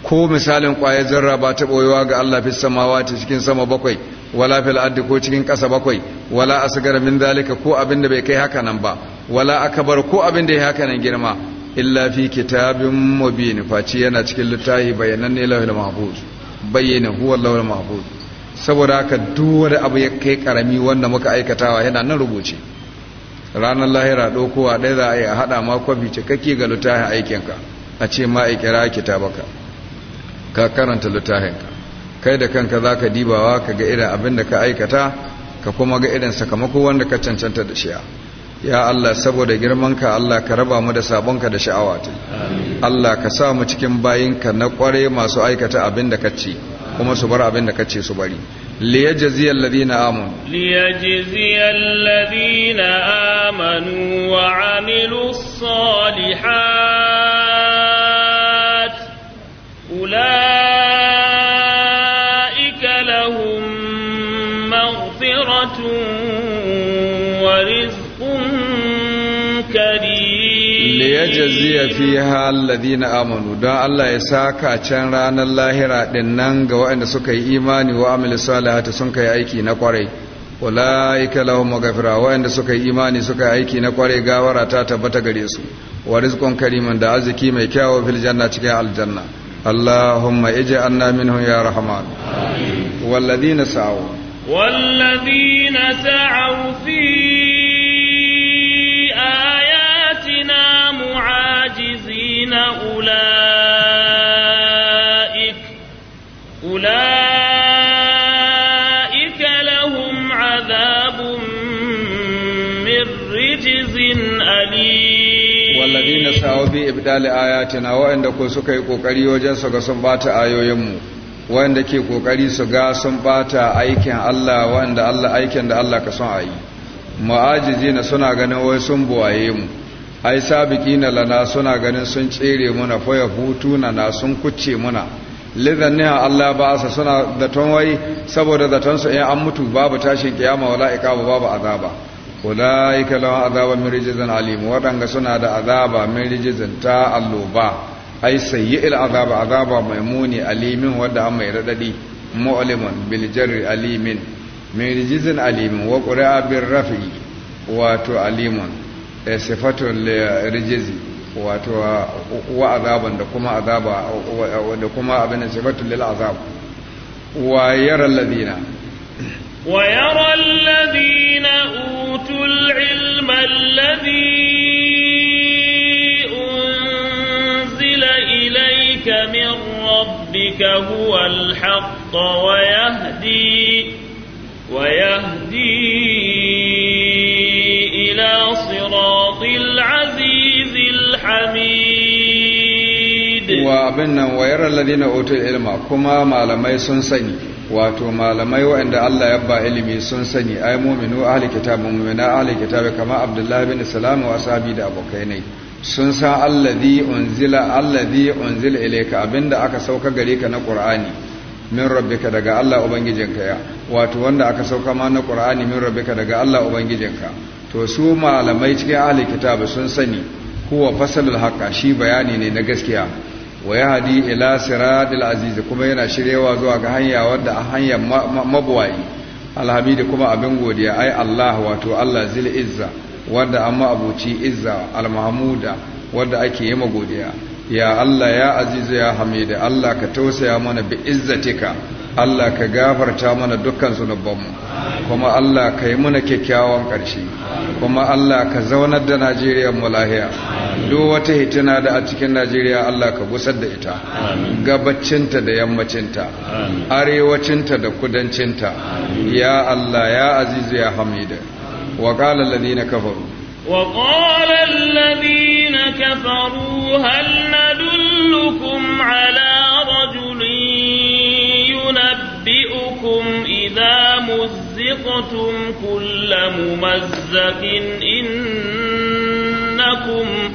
ko misalin ƙwayar zarra ba ta ɓoyewa ga Allah fi samawa ta cikin sama bakwai wala fil ardi ko cikin ƙasa bakwai wala asgara min zalika ko abin da bai kai haka nan ba wala akbar ko abin da ya haka nan girma illa fi kitabin mubin faci yana cikin littafi bayanan ne lahul mahfuz bayyana huwa lahul mahfuz saboda haka duk wani abu ya kai karami wanda muka aikatawa yana nan rubuce ranar lahira ɗaukowa ɗaya za a yi a haɗa ma bice kake ga littafin aikinka a ce ma a kira ka karanta lutahinka kai da kanka za ka dibawa ka ga irin abin da ka aikata ka kuma ga irin sakamako wanda ka cancanta da shiya ya Allah saboda girmanka Allah ka raba mu da sabonka da sha'awa ta Allah ka sa mu cikin bayinka na kware masu aikata abin da ka ci kuma su bar abin da kace su bari ليجزي الذين آمنوا ليجزي الذين آمنوا وعملوا الصالحات أولئك fi halladina amanu don Allah ya saka can ranar lahira din nan ga waɗanda suka yi imani wa amil salihati sun kai aiki na kwarai ulaika lahum maghfira waɗanda suka yi imani suka yi aiki na kwarai gawara ta tabbata gare su wa rizqun kariman da arziki mai kyawu fil janna cikin aljanna allahumma ij'alna minhum ya rahman amin walladina sa'u walladina sa'u fi معاجزين أولئك أولئك لهم عذاب من رجز أليم والذين سعوا بإبدال آياتنا وإن دكو سكي قوكري وجنسو قسم بات آيو يمو wanda ke kokari su ga sun bata aikin Allah wanda Allah aikin da Allah ka son a yi suna ganin wai sun buwaye mu ai na lana suna ganin sun tsere muna fa hutu na sun kucce muna a Allah ba sa suna zaton wai saboda zaton su in an mutu babu tashin kiyama wala ba babu azaba ulaika lahum azaban min rijzin alim wadanga suna da azaba min rijzin ta alluba ai sayyi'il azaba azaba maimuni alimin wanda an mai radadi mu'limun bil jarri alimin min rijzin alimin wa qura'a bir rafi wato alimun Eh, sifatun eh, rijizi wato wa azaban da kuma azaba da kuma abin da sifatun lil azab wa yara alladhina wa yara alladhina utul ilma alladhi unzila ilayka min rabbika huwa al-haqq wa yahdi ويهدي إلى صراط العزيز الحميد وابن ويرى الذين أوتوا العلم كما ما لم يسنسني wato malamai waɗanda Allah ya ba ilimi sun sani ai mu'minu ahli kitab mu'mina ahli kitab kama Abdullah bin Salam wa ashabi da abokai ne sun san alladhi unzila alladhi unzila ilayka abinda aka sauka gare ka na Qur'ani min rabbika daga Allah ubangijinka ya wato wanda aka sauka ma na ƙura'ani min rabbika daga Allah ubangijinka to su malamai cikin ahli kitabu sun sani huwa fasalul haka shi bayani ne na gaskiya wa yahdi ila siratil aziz kuma yana shirewa zuwa ga hanya wadda a hanyar mabuwayi alhamid kuma abin godiya ai Allah wato Allah zil izza wanda amma abuci izza almahmuda wanda ake yi godiya ya Allah ya azizu ya hamida Allah ka tausaya mana bi izzatika Allah ka gafarta mana dukkan zunubanmu kuma Allah ka yi mana kyakkyawan ƙarshe kuma Allah ka zaunar da Najeriya mu lahiya duk wata hitina da a cikin Najeriya Allah ka gusar da ita gabacinta da yammacinta arewacinta da kudancinta ya Allah ya azizu ya hamida wa qala alladhina kafaru وقال الذين كفروا هل ندلكم أنبئكم إذا مزقتم كل ممزق إنكم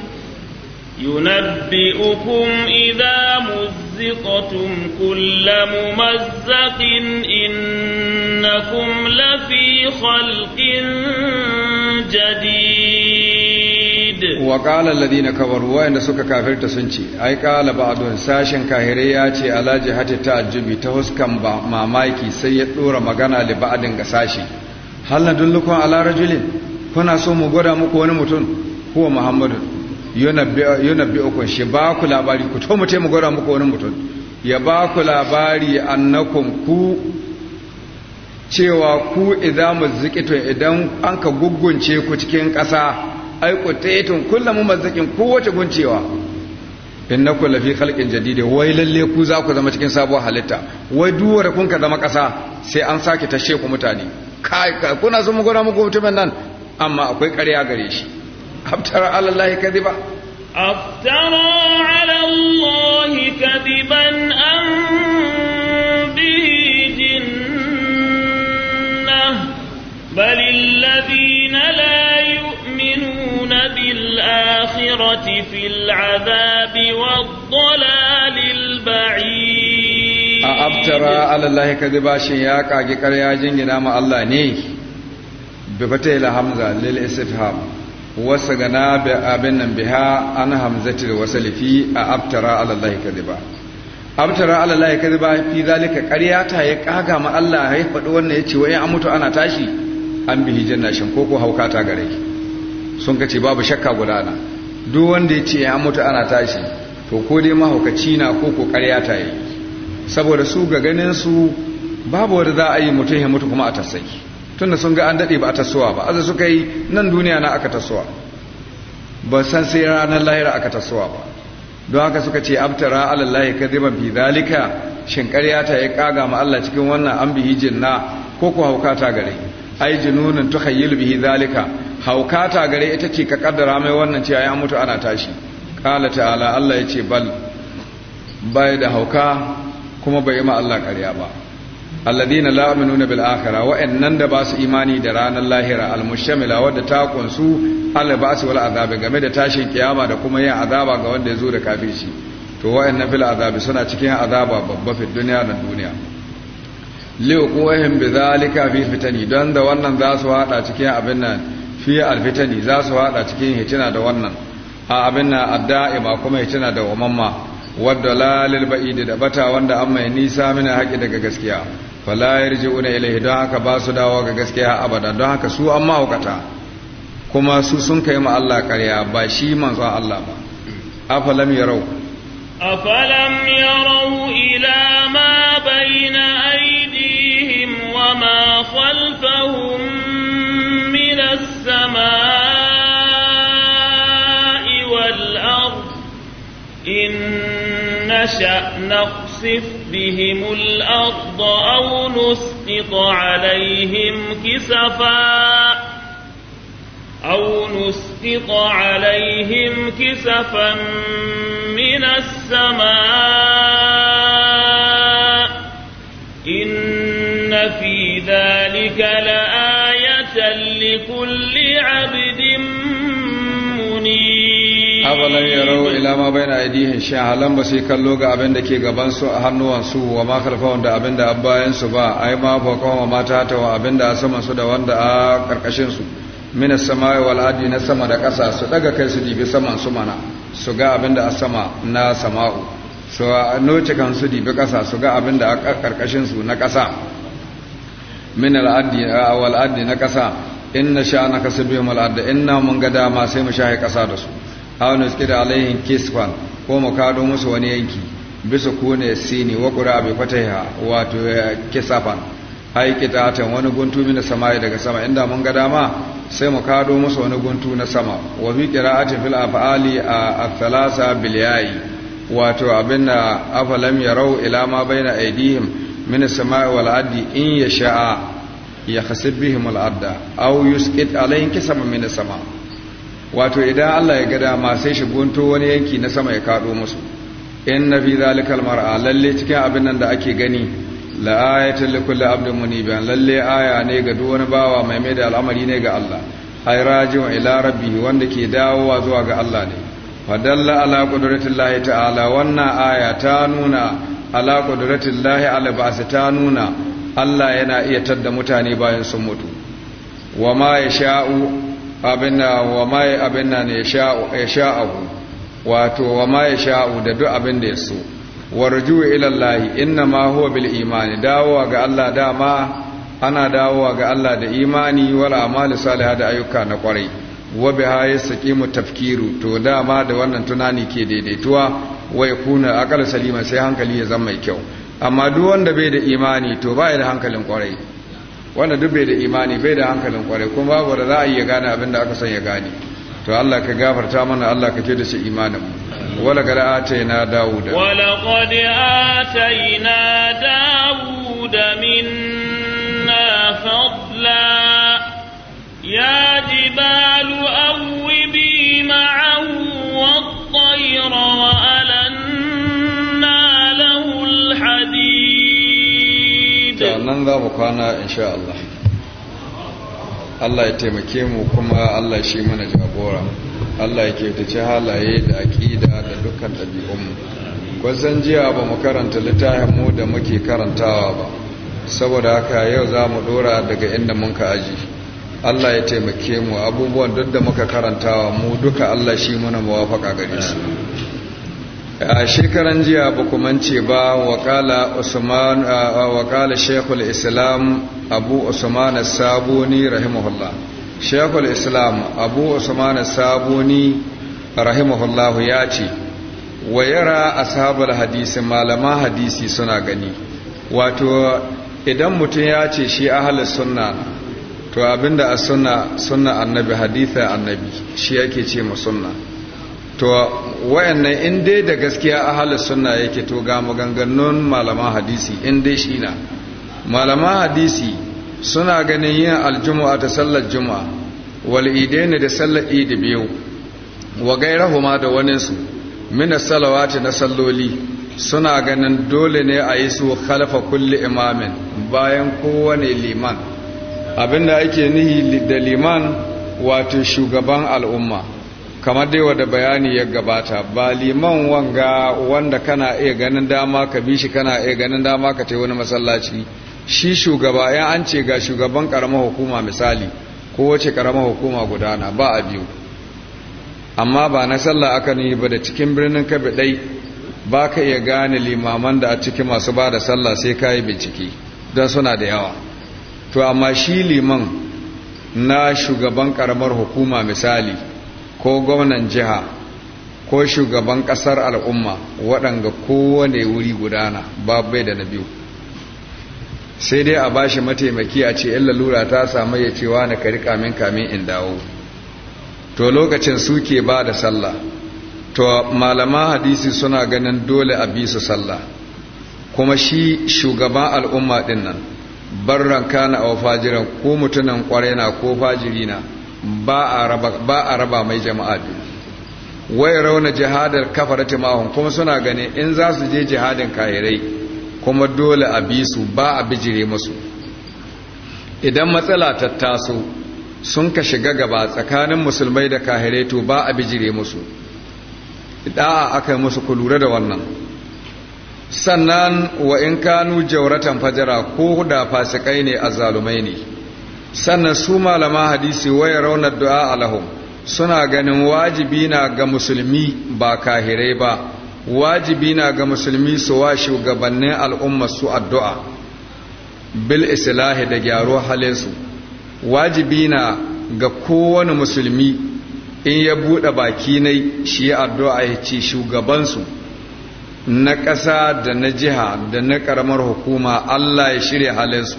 ينبئكم إذا مزقتم كل ممزق إنكم لفي خلق جديد shadid wa qala alladhina kafaru wa inda suka kafirta sun ce ai qala ba'dun sashin kahire ya ce ala jihati ta'ajjubi ta huskan ba mamaki sai ya dora magana li ba'din ga sashi hal nadullukum ala rajulin kuna so mu gwada muku wani mutum huwa muhammadu yunabbi'ukum shi ba ku labari ku to mu te mu gwada muku wani mutum ya ba ku labari annakum ku cewa ku idza muzziqitun idan an ka guggunce ku cikin ƙasa Aiko ta ai qutatun mu mumazzakin kowace guncewa in na kula fi halkin jadidai wai lalle ku za ku zama cikin sabuwar halitta wai duwar kun ka zama kasa sai an sake tashe ku mutane kai kuna zama gona muku mutumin nan amma akwai ƙarya gare shi abtara alallahi kadiba abtara الآخرة في العذاب والضلال البعيد أبترى على الله كذبا شياك أجي كريا جنجنا ما الله ني بفتح الحمزة للإستفهام وسغنا بأبنا بها أنا همزة الوصل في أبترى على الله كذبا abtara ala la yakadiba fi zalika ƙarya ta ya kaga ma Allah ya faɗi wannan yace wai an mutu ana tashi an bihi janna shin koko hauka ta gare sun kace babu shakka gudana duk wanda ya ce ya mutu ana tashi to ko dai mahaukaci na ko ko karya ta yi saboda su ga ganin su babu wanda za a yi mutum ya mutu kuma a tasai tunda sun ga an daɗe ba a tasowa ba azu suka yi nan duniya na aka tasowa ba san sai ranar lahira aka tasowa ba don haka suka ce abtara alallahi kadiban fi zalika shin ƙarya ta ya kaga ma Allah cikin wannan an bihi jinna ko ko hauka ta gare ai jununun tukhayyil bihi zalika haukata gare ita ce ka kaddara mai wannan cewa ya mutu ana tashi kala ta'ala Allah ya ce bal bai da hauka kuma bai yi ma Allah ƙarya ba alladina la aminuna bil akhirah wa'annan da ba su imani da ranar lahira al mushamila wadda ta kunsu al su wal azabi game da tashin kiyama da kuma yin azaba ga wanda ya zo da kafirci to wa'annan fil azabi suna cikin azaba babba fi duniya da duniya liqawhum bi zalika fi fitani don da wannan za su hada cikin abin nan fi alfitani za su hada cikin hitina da wannan a abin na adda'ima kuma hitina da umamma wadda lalil ba'idi da bata wanda an mai nisa mina haƙi daga gaskiya fala na ilahi don haka ba su dawo ga gaskiya abada don haka su an mahaukata kuma su sun kai ma Allah ƙarya ba shi manzon Allah ba afalam yarau afalam yarau ila ma bayna aydihim wa ma khalfahum السماء والأرض إن نشأ نقصف بهم الأرض أو نسقط عليهم كسفا أو نسقط عليهم كسفا من السماء إن في ذلك لآية رحمة لكل عبد منيب أولا يروا إلى ما بين أيديهم شيئا لم بسيكل لوغا أبن دكي غبان سو أهنو وانسو وما خلفهم دا أبن دا سو با أي ما فوقهم وما تاتوا وأبن دا أسما سو دا وان دا أكركشن سو من السماء والأرض نسما دا كسا سو دقا كيسو دي بسما سمنا su ga abin da a sama na sama'u su noce kan سو دي ƙasa su ga abin da a ƙarƙashin su na ƙasa min al'addi wal addi na kasa inna sha'anaka sabihum al adda inna mun ga dama sai mu shahe kasa da su aw nuskida alaihim kisfan ko mu kado musu wani yanki bisa kone sini wa qura bi fataha wato eh, kisafan ai kitatan wani guntu min samai daga sama inda mun ga dama sai mu kado musu wani guntu na sama wa bi qira'ati fil af'ali al-thalatha bil ya'i wato abinda afalam yarau ila ma baina aidihim min as in ya yakhsib bihim al-arda aw yusqit alayhim wato idan Allah ya ga dama sai shi gunto wani yanki na sama ya kado musu na fi zalika mara lalle cikin abin nan da ake gani la ayatan li abdin munibin lalle aya ne ga duk wani bawa mai mai da al'amari ne ga Allah ay raji'u ila rabbihi wanda ke dawowa zuwa ga Allah ne fadalla ala qudratillahi ta'ala wannan aya ta nuna ala kudratin lahi ala ta nuna Allah yana iya tadda mutane bayan sun mutu wa ma ya sha'u abinna wa ma abinna ne ya sha'u wato wa ma ya sha'u da duk abin da ya so wa rujuu ila inna ma huwa bil imani dawowa ga Allah dama ana dawowa ga Allah da imani wal amali salihah da ayyuka na kwarai wa biha yasqimu tafkiru to dama da wannan tunani ke daidaituwa Wai kuna akal salima sai hankali ya zama mai kyau amma duk wanda bai da imani to bai da hankalin kwarai wanda duk bai da imani bai da hankalin kwarai kuma babu da za a iya gane abin da aka san ya gane to Allah ka gafarta mana Allah ka ce da shi imanin wala qad atayna dawuda wala qad atayna dawuda minna fadla ya jibalu ma'a wa الطير وألنا له الحديد nan za mu kwana شاء Allah Allah ya taimake mu kuma Allah shi mana jagora Allah ya ketace halaye da aƙida da dukkan ɗabi'unmu kwasan jiya ba mu karanta littafin mu da muke karantawa ba saboda haka yau za mu ɗora daga inda mun ka aji Allah ya taimake mu abubuwan duk da muka karantawa mu duka Allah shi muna muwafaka gare su a shekaran jiya ba ce ba wakala usman waƙala shekul islam abu usman sabuni rahimahullah shekul islam abu usman sabuni rahimahullah ya ce wayara yara ashabul hadisi malaman hadisi suna gani wato idan mutum ya ce shi ahlus sunna to abinda a sunna sunna annabi hadithin annabi shi yake ce mu sunna to wayannan in dai da gaskiya ahli sunna yake to ga maganganun malaman hadisi in dai shi na malaman hadisi suna ganin yin aljumu'a ta sallar juma wal idaina da sallar idi biyu wa gairahuma da waninsu min salawati na salloli suna ganin dole ne a yi su khalafa kulli imamin bayan kowane liman abinda ake nihi da liman wato shugaban al'umma kamar dai wada bayani ya gabata ba liman wanga wanda kana iya ganin dama ka bi shi kana iya ganin dama ka wani masallaci shi shugaba ya an ce ga shugaban karamar hukuma misali ko wace karamar hukuma gudana ba a biyu amma ba na sallah aka ni ba da cikin birnin kabe dai ba ka iya gane limaman da a ciki masu ba da sallah sai ka yi bincike don suna da yawa to amma shi liman na shugaban karamar hukuma misali ko gwamnan jiha ko shugaban kasar al'umma waɗanga kowane wuri gudana bai da na biyu sai dai a bashi mataimaki a ce yan lalura ta samu ya cewa na kari kamin kamin in dawo to lokacin suke ba da sallah to malama hadisi suna ganin dole a bi su sallah kuma shi shugaban al'umma dinnan. barran kana a fajiran ko mutunan kwarai na ko fajirina na ba a raba mai jama'a biyu wai rauna jihadar kafar timahun kuma suna gani in za su je jihadin kahirai kuma dole a bi su ba a bijire musu idan matsala ta taso sun ka shiga gaba tsakanin musulmai da kahirai to ba a bijire musu da'a aka yi musu ku da wannan sannan wa in kanu jauratan fajara ko da fasikai ne zalumai ne sannan su malama hadisi waya raunar du'a alahum suna ganin wajibi na ga musulmi ba kahirai ba wajibi na ga musulmi su wa shugabannin al'umma su addu'a bil islahi da gyaro halinsu wajibi na ga kowane musulmi in ya buɗe baki nai shi addu'a ya ce shugabansu na ƙasa da na jiha da na ƙaramar hukuma Allah ya shirya halinsu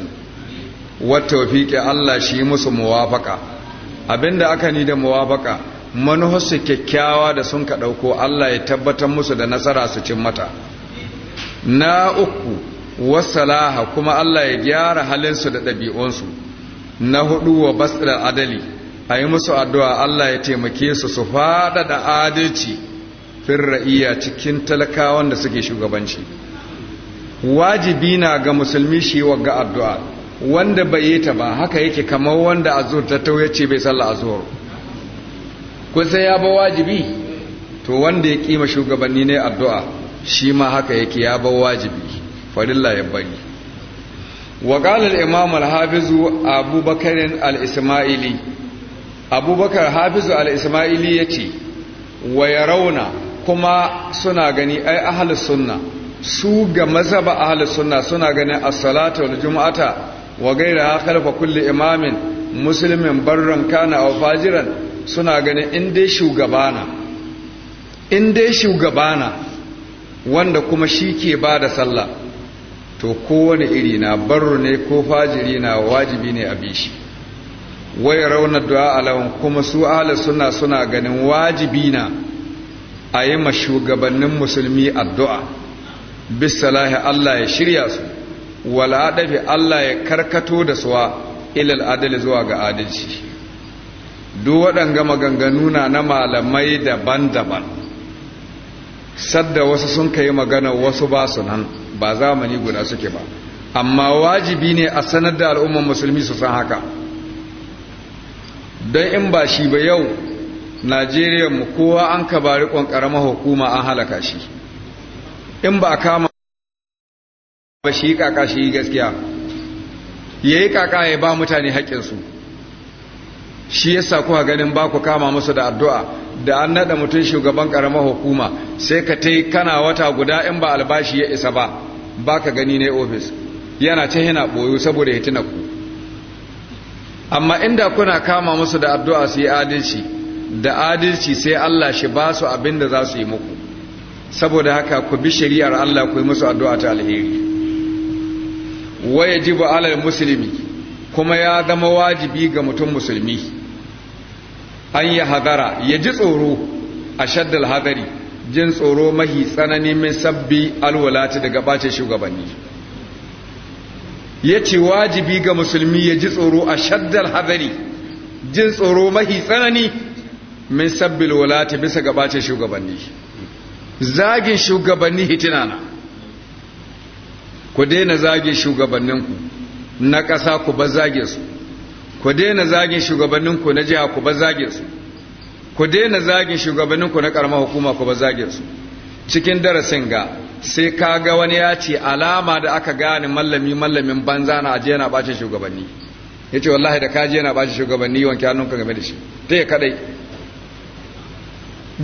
wata wafiƙe Allah shi musu muwafaka abinda aka ni da muwafaka manuhusu kyakkyawa da sun ka ɗauko Allah ya tabbatar musu da nasara su cin mata na uku wasalaha kuma Allah ya gyara halinsu da ɗabi'unsu na hudu wa basirar adali a yi musu addu'a Allah ya taimake su su faɗaɗa adalci firra'iya cikin talakawan da suke shugabanci wajibi na ga musulmi shi wagga addu'a wanda bai yi ta ba haka yake kamar wanda azur ta tauye ce bai sallah azur kun sai ya ba wajibi to wanda ya kima shugabanni ne addu'a shi ma haka yake ya ba wajibi fadilla ya bari وقال الإمام الحافظ أبو بكر الإسماعيلي أبو بكر حافظ الإسماعيلي يتي ويرون kuma suna gani ai ahal sunna su ga mazhaba ahal sunna suna ganin as-salatu wal jumu'ata wa ghayraha khalfa kulli imamin muslimin barran kana aw fajiran suna ganin in dai shugabana in dai shugabana wanda kuma shi ke bada sallah to kowane iri na barru ne ko fajiri na wajibi ne a bishi wai raunar du'a alawan kuma su ahlus sunna suna ganin wajibi na a yi ma shugabannin musulmi addu'a bisalahi Allah ya shirya su wala adabi Allah ya karkato da suwa ilal adali zuwa ga adalci duk waɗanga maganganu na na malamai daban-daban sadda wasu sun ka yi magana wasu ba su nan ba zamani guda suke ba amma wajibi ne a sanar da al'umman musulmi su san haka don in ba shi ba yau najeriya mu kowa an ka bari karama hukuma an halaka shi in ba kama ba shi kaka shi gaskiya ya yi kaka ya ba mutane haƙƙinsu shi yasa kuka ganin ba ku kama musu da addu'a da an naɗa mutum shugaban ƙaramar hukuma sai ka ta kana wata guda in ba albashi ya isa ba ba ka gani ne ofis yana ta yana ɓoyo saboda ya ku amma inda kuna kama musu da addu'a su yi adalci da adalci sai Allah shi ba su abin da za su yi muku saboda haka ku bi shari'ar Allah ku yi musu addu'a ta alheri wa yajibu alal muslimi kuma ya zama wajibi ga mutum musulmi an yi hadara ya ji tsoro a shaddal hadari jin tsoro mahi tsanani min sabbi alwalati daga bace shugabanni ya ce wajibi ga musulmi ya ji tsoro a shaddal hadari jin tsoro mahi tsanani min sabbil walati bisa gabace shugabanni zagin shugabanni hitina na ku daina zagin shugabanninku na ƙasa ku ba zage su ku daina zagin shugabanninku na jiha ku ba zage su ku daina zagin shugabanninku na ƙaramar hukuma ku ba zage su cikin darasin ga sai ka ga wani ya ce alama da aka gane mallami mallamin banza na ajiye na ɓace shugabanni ya ce wallahi da ka je na ɓace shugabanni wanke hannunka game da shi ta kadai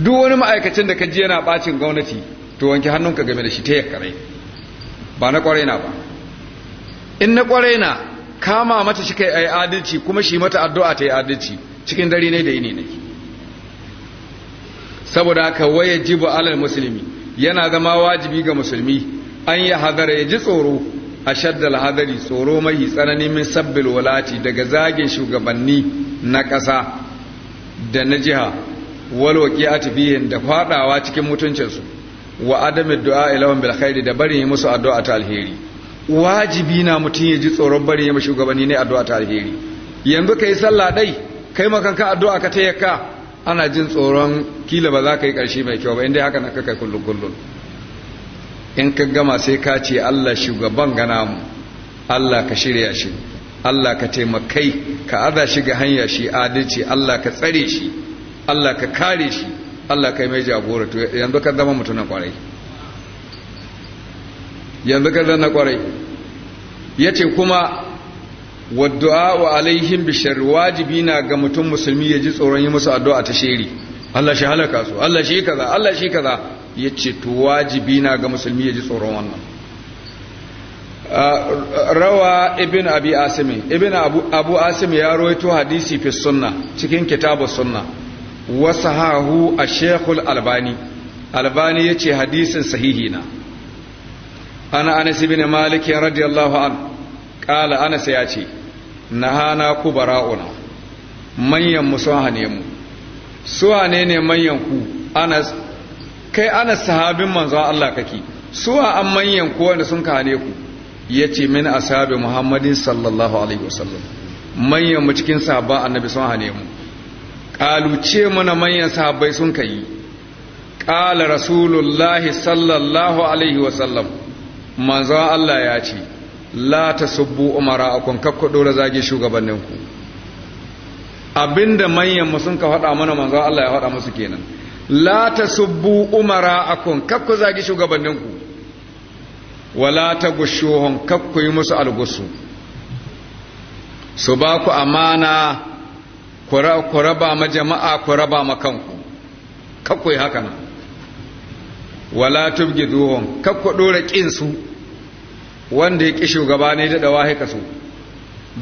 duk wani ma'aikacin da ka ji yana bacin gwamnati to wanke hannunka game da shi ta yakkarai ba na kwarai na ba in na kwarai na kama mata shi kai ai adalci kuma shi mata addu'a ta yi adalci cikin dare ne da yini ne saboda haka waya jibu alal musulmi yana zama wajibi ga musulmi an yi hadara ya ji tsoro a shaddal hadari tsoro mai tsanani min sabbil walati daga zagin shugabanni na ƙasa da na jiha Walwaki a tafiyin da faɗawa cikin mutuncinsu wa adamin du'a ilawan bilkhairi da barin yi musu addu'a ta alheri wajibi na mutum ya ji tsoron barin yi mashi shugabanni ne addu'a ta alheri yanzu ka yi sallah dai kai makanka addu'a ka ta yakka ana jin tsoron kila ba za ka yi karshe mai kyau ba inda haka na kai kullum kullum in ka gama sai ka ce allah shugaban gana mu allah ka shirya shi allah ka taimakai ka aza ga hanya shi adalci allah ka tsare shi Allah ka kare shi Allah ka yi mai jagora to yanzu ka zama mutumin kwarai yanzu ka zama kwarai yace kuma wadda'a wa alaihim bishar wajibi na ga mutum musulmi ya ji tsoron yi musu addu'a ta shiri. Allah shi halaka su Allah shi kaza Allah shi kaza yace to wajibi na ga musulmi ya ji tsoron wannan rawa ibn abi Asimi. ibn abu Asimi ya rawaito hadisi fi sunna cikin Kitabu sunna wasu hahu a shekul albani albani ya ce hadisin sahihi na ana anas bin malik radiyallahu an kala anas ya ce na ku bara'una manyan mu sun hane mu su hane ne manyan ku anas kai anas sahabin manzon Allah kake a an manyan ku wanda sun kane ku ce min ashabi muhammadin sallallahu alaihi wasallam manyan mu cikin sahaba annabi sun hane mu ƙalu ce mana manyan sahabbai sun ka yi ƙala rasulullahi sallallahu alaihi wasallam manzon Allah ya ce la ta subbu umara a kun kakkuɗo da zage shugabanninku abinda manyan mu sun ka faɗa mana manzon Allah ya faɗa musu kenan la ta subbu umara a kun kakku zage shugabanninku wala ta gushuhun kakku yi musu algusu su ba ku amana ku raba ma jama'a ku raba ma kanku kakwai haka nan wala tubgiduhum kakku dora kin su wanda ya ki shugaba ne da dawa haika su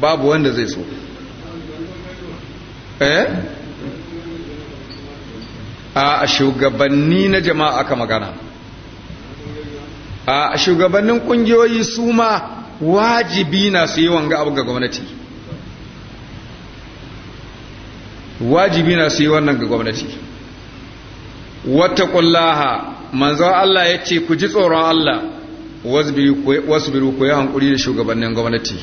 babu wanda zai so eh a shugabanni na jama'a aka magana a shugabannin kungiyoyi su ma wajibi na su yi wanga abu ga gwamnati wajibi na su yi wannan ga gwamnati wata kullaha manzon Allah ya ce ku ji tsoron Allah wasbiru ku yi hankuri da shugabannin gwamnati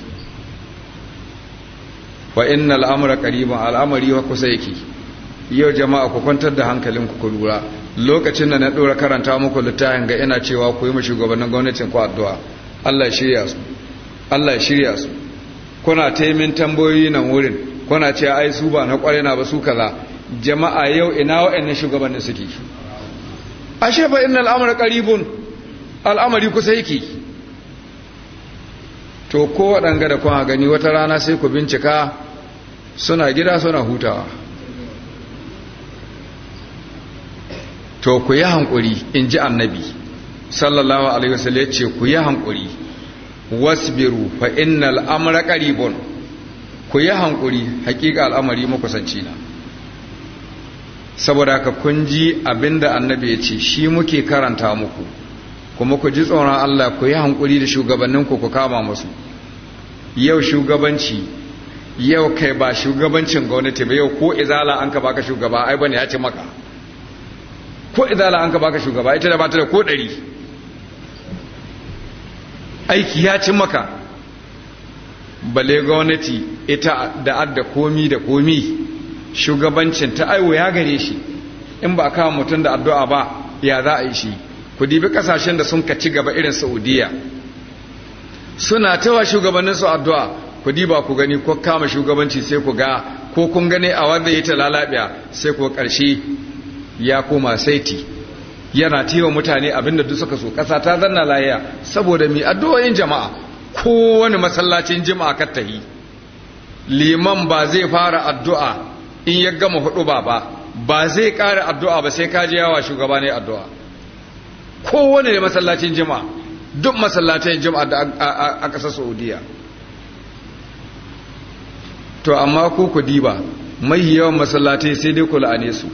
wa inna al'amura qariban al'amari wa kusa yake yau jama'a ku kwantar da hankalinku ku lura lokacin da na dora karanta muku littafin ga ina cewa ku yi mu shugabannin gwamnatin ku addu'a Allah ya shirya su Allah ya shirya su kuna taimin tambayoyi nan wurin kuna ce ai su ba na kware na ba su kaza jama'a yau ina wa'annan shugabannin suke ashe fa innal amra qaribun al'amari kusa yake to ko waɗanga da kuma gani wata rana sai ku bincika suna gida suna hutawa to ku yi hankuri in ji annabi sallallahu alaihi wasallam ya ce ku yi hankuri wasbiru fa innal amra qaribun ku yi hankuri hakika al'amari makusanci na saboda ka kun ji abinda annabi ya ce shi muke karanta muku kuma ku ji tsoron Allah ku yi hankuri da shugabanninku ku kama musu yau shugabanci yau kai ba shugabancin gwamnati ba yau ko izala an ka baka shugaba ai bane ya ce maka ko izala an ka baka shugaba ita da ta da ko ɗari aiki ya ci maka bale gwamnati ita da adda komi da komi shugabancin ta aiwo ya gare shi in ba kawo mutum da addu'a ba ya za a yi shi ku dibi kasashen da sun ka ci gaba irin saudiya suna tawa shugabannin su addu'a ku diba ku gani ko kama shugabanci sai ku ga ko kun gane a wanda ya ta lalabiya sai ku karshe ya koma saiti yana wa mutane abinda duk suka so kasa ta zanna lahiya saboda mi addu'o'in jama'a kowane masallacin jima'a ka tahi liman ba zai fara addu'a in ya gama hudu ba ba ba zai ƙara addu'a ba sai kaji yawa shugaba ne addu'a kowane masallacin jima'a duk masallacin jima'a da a ƙasar saudiya to amma ko ku diba mai yawan masallatai sai dai ku la'ane su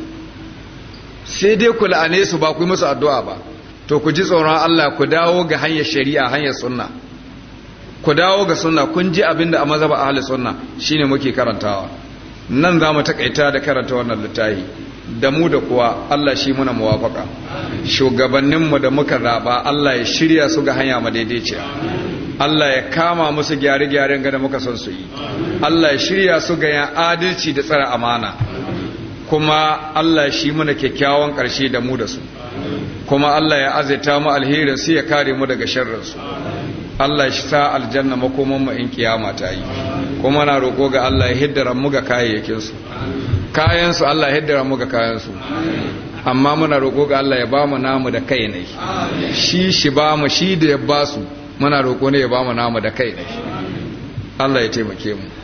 sai dai ku la'ane su ba ku yi musu addu'a ba to ku ji tsoron Allah ku dawo ga hanyar shari'a hanyar sunna ku dawo ga sunna kun ji abinda a mazhab ahli sunna shine muke karantawa nan za mu takaita da karanta wannan littafi da mu da kuwa Allah shi muna muwafaka shugabanninmu da muka zaba Allah ya shirya su ga hanya madaidaiciya Allah ya kama musu gyare-gyaren ga da muka son su yi Allah ya shirya su ga yan adalci da tsara amana kuma Allah shi muna kyakkyawan ƙarshe da mu da su kuma Allah ya azaita mu alherin su ya kare mu daga sharrin su Allah shi ta aljanna makoman mu in kiyama ta yi kuma na roko ga Allah ya hiddara mu ga kayayyakin su kayan su Allah ya hiddara mu ga kayan su amma muna roko ga Allah ya ba mu namu da kai ne shi shi ba mu shi da ya ba su muna roko ne ya ba mu namu da kai ne Allah ya taimake mu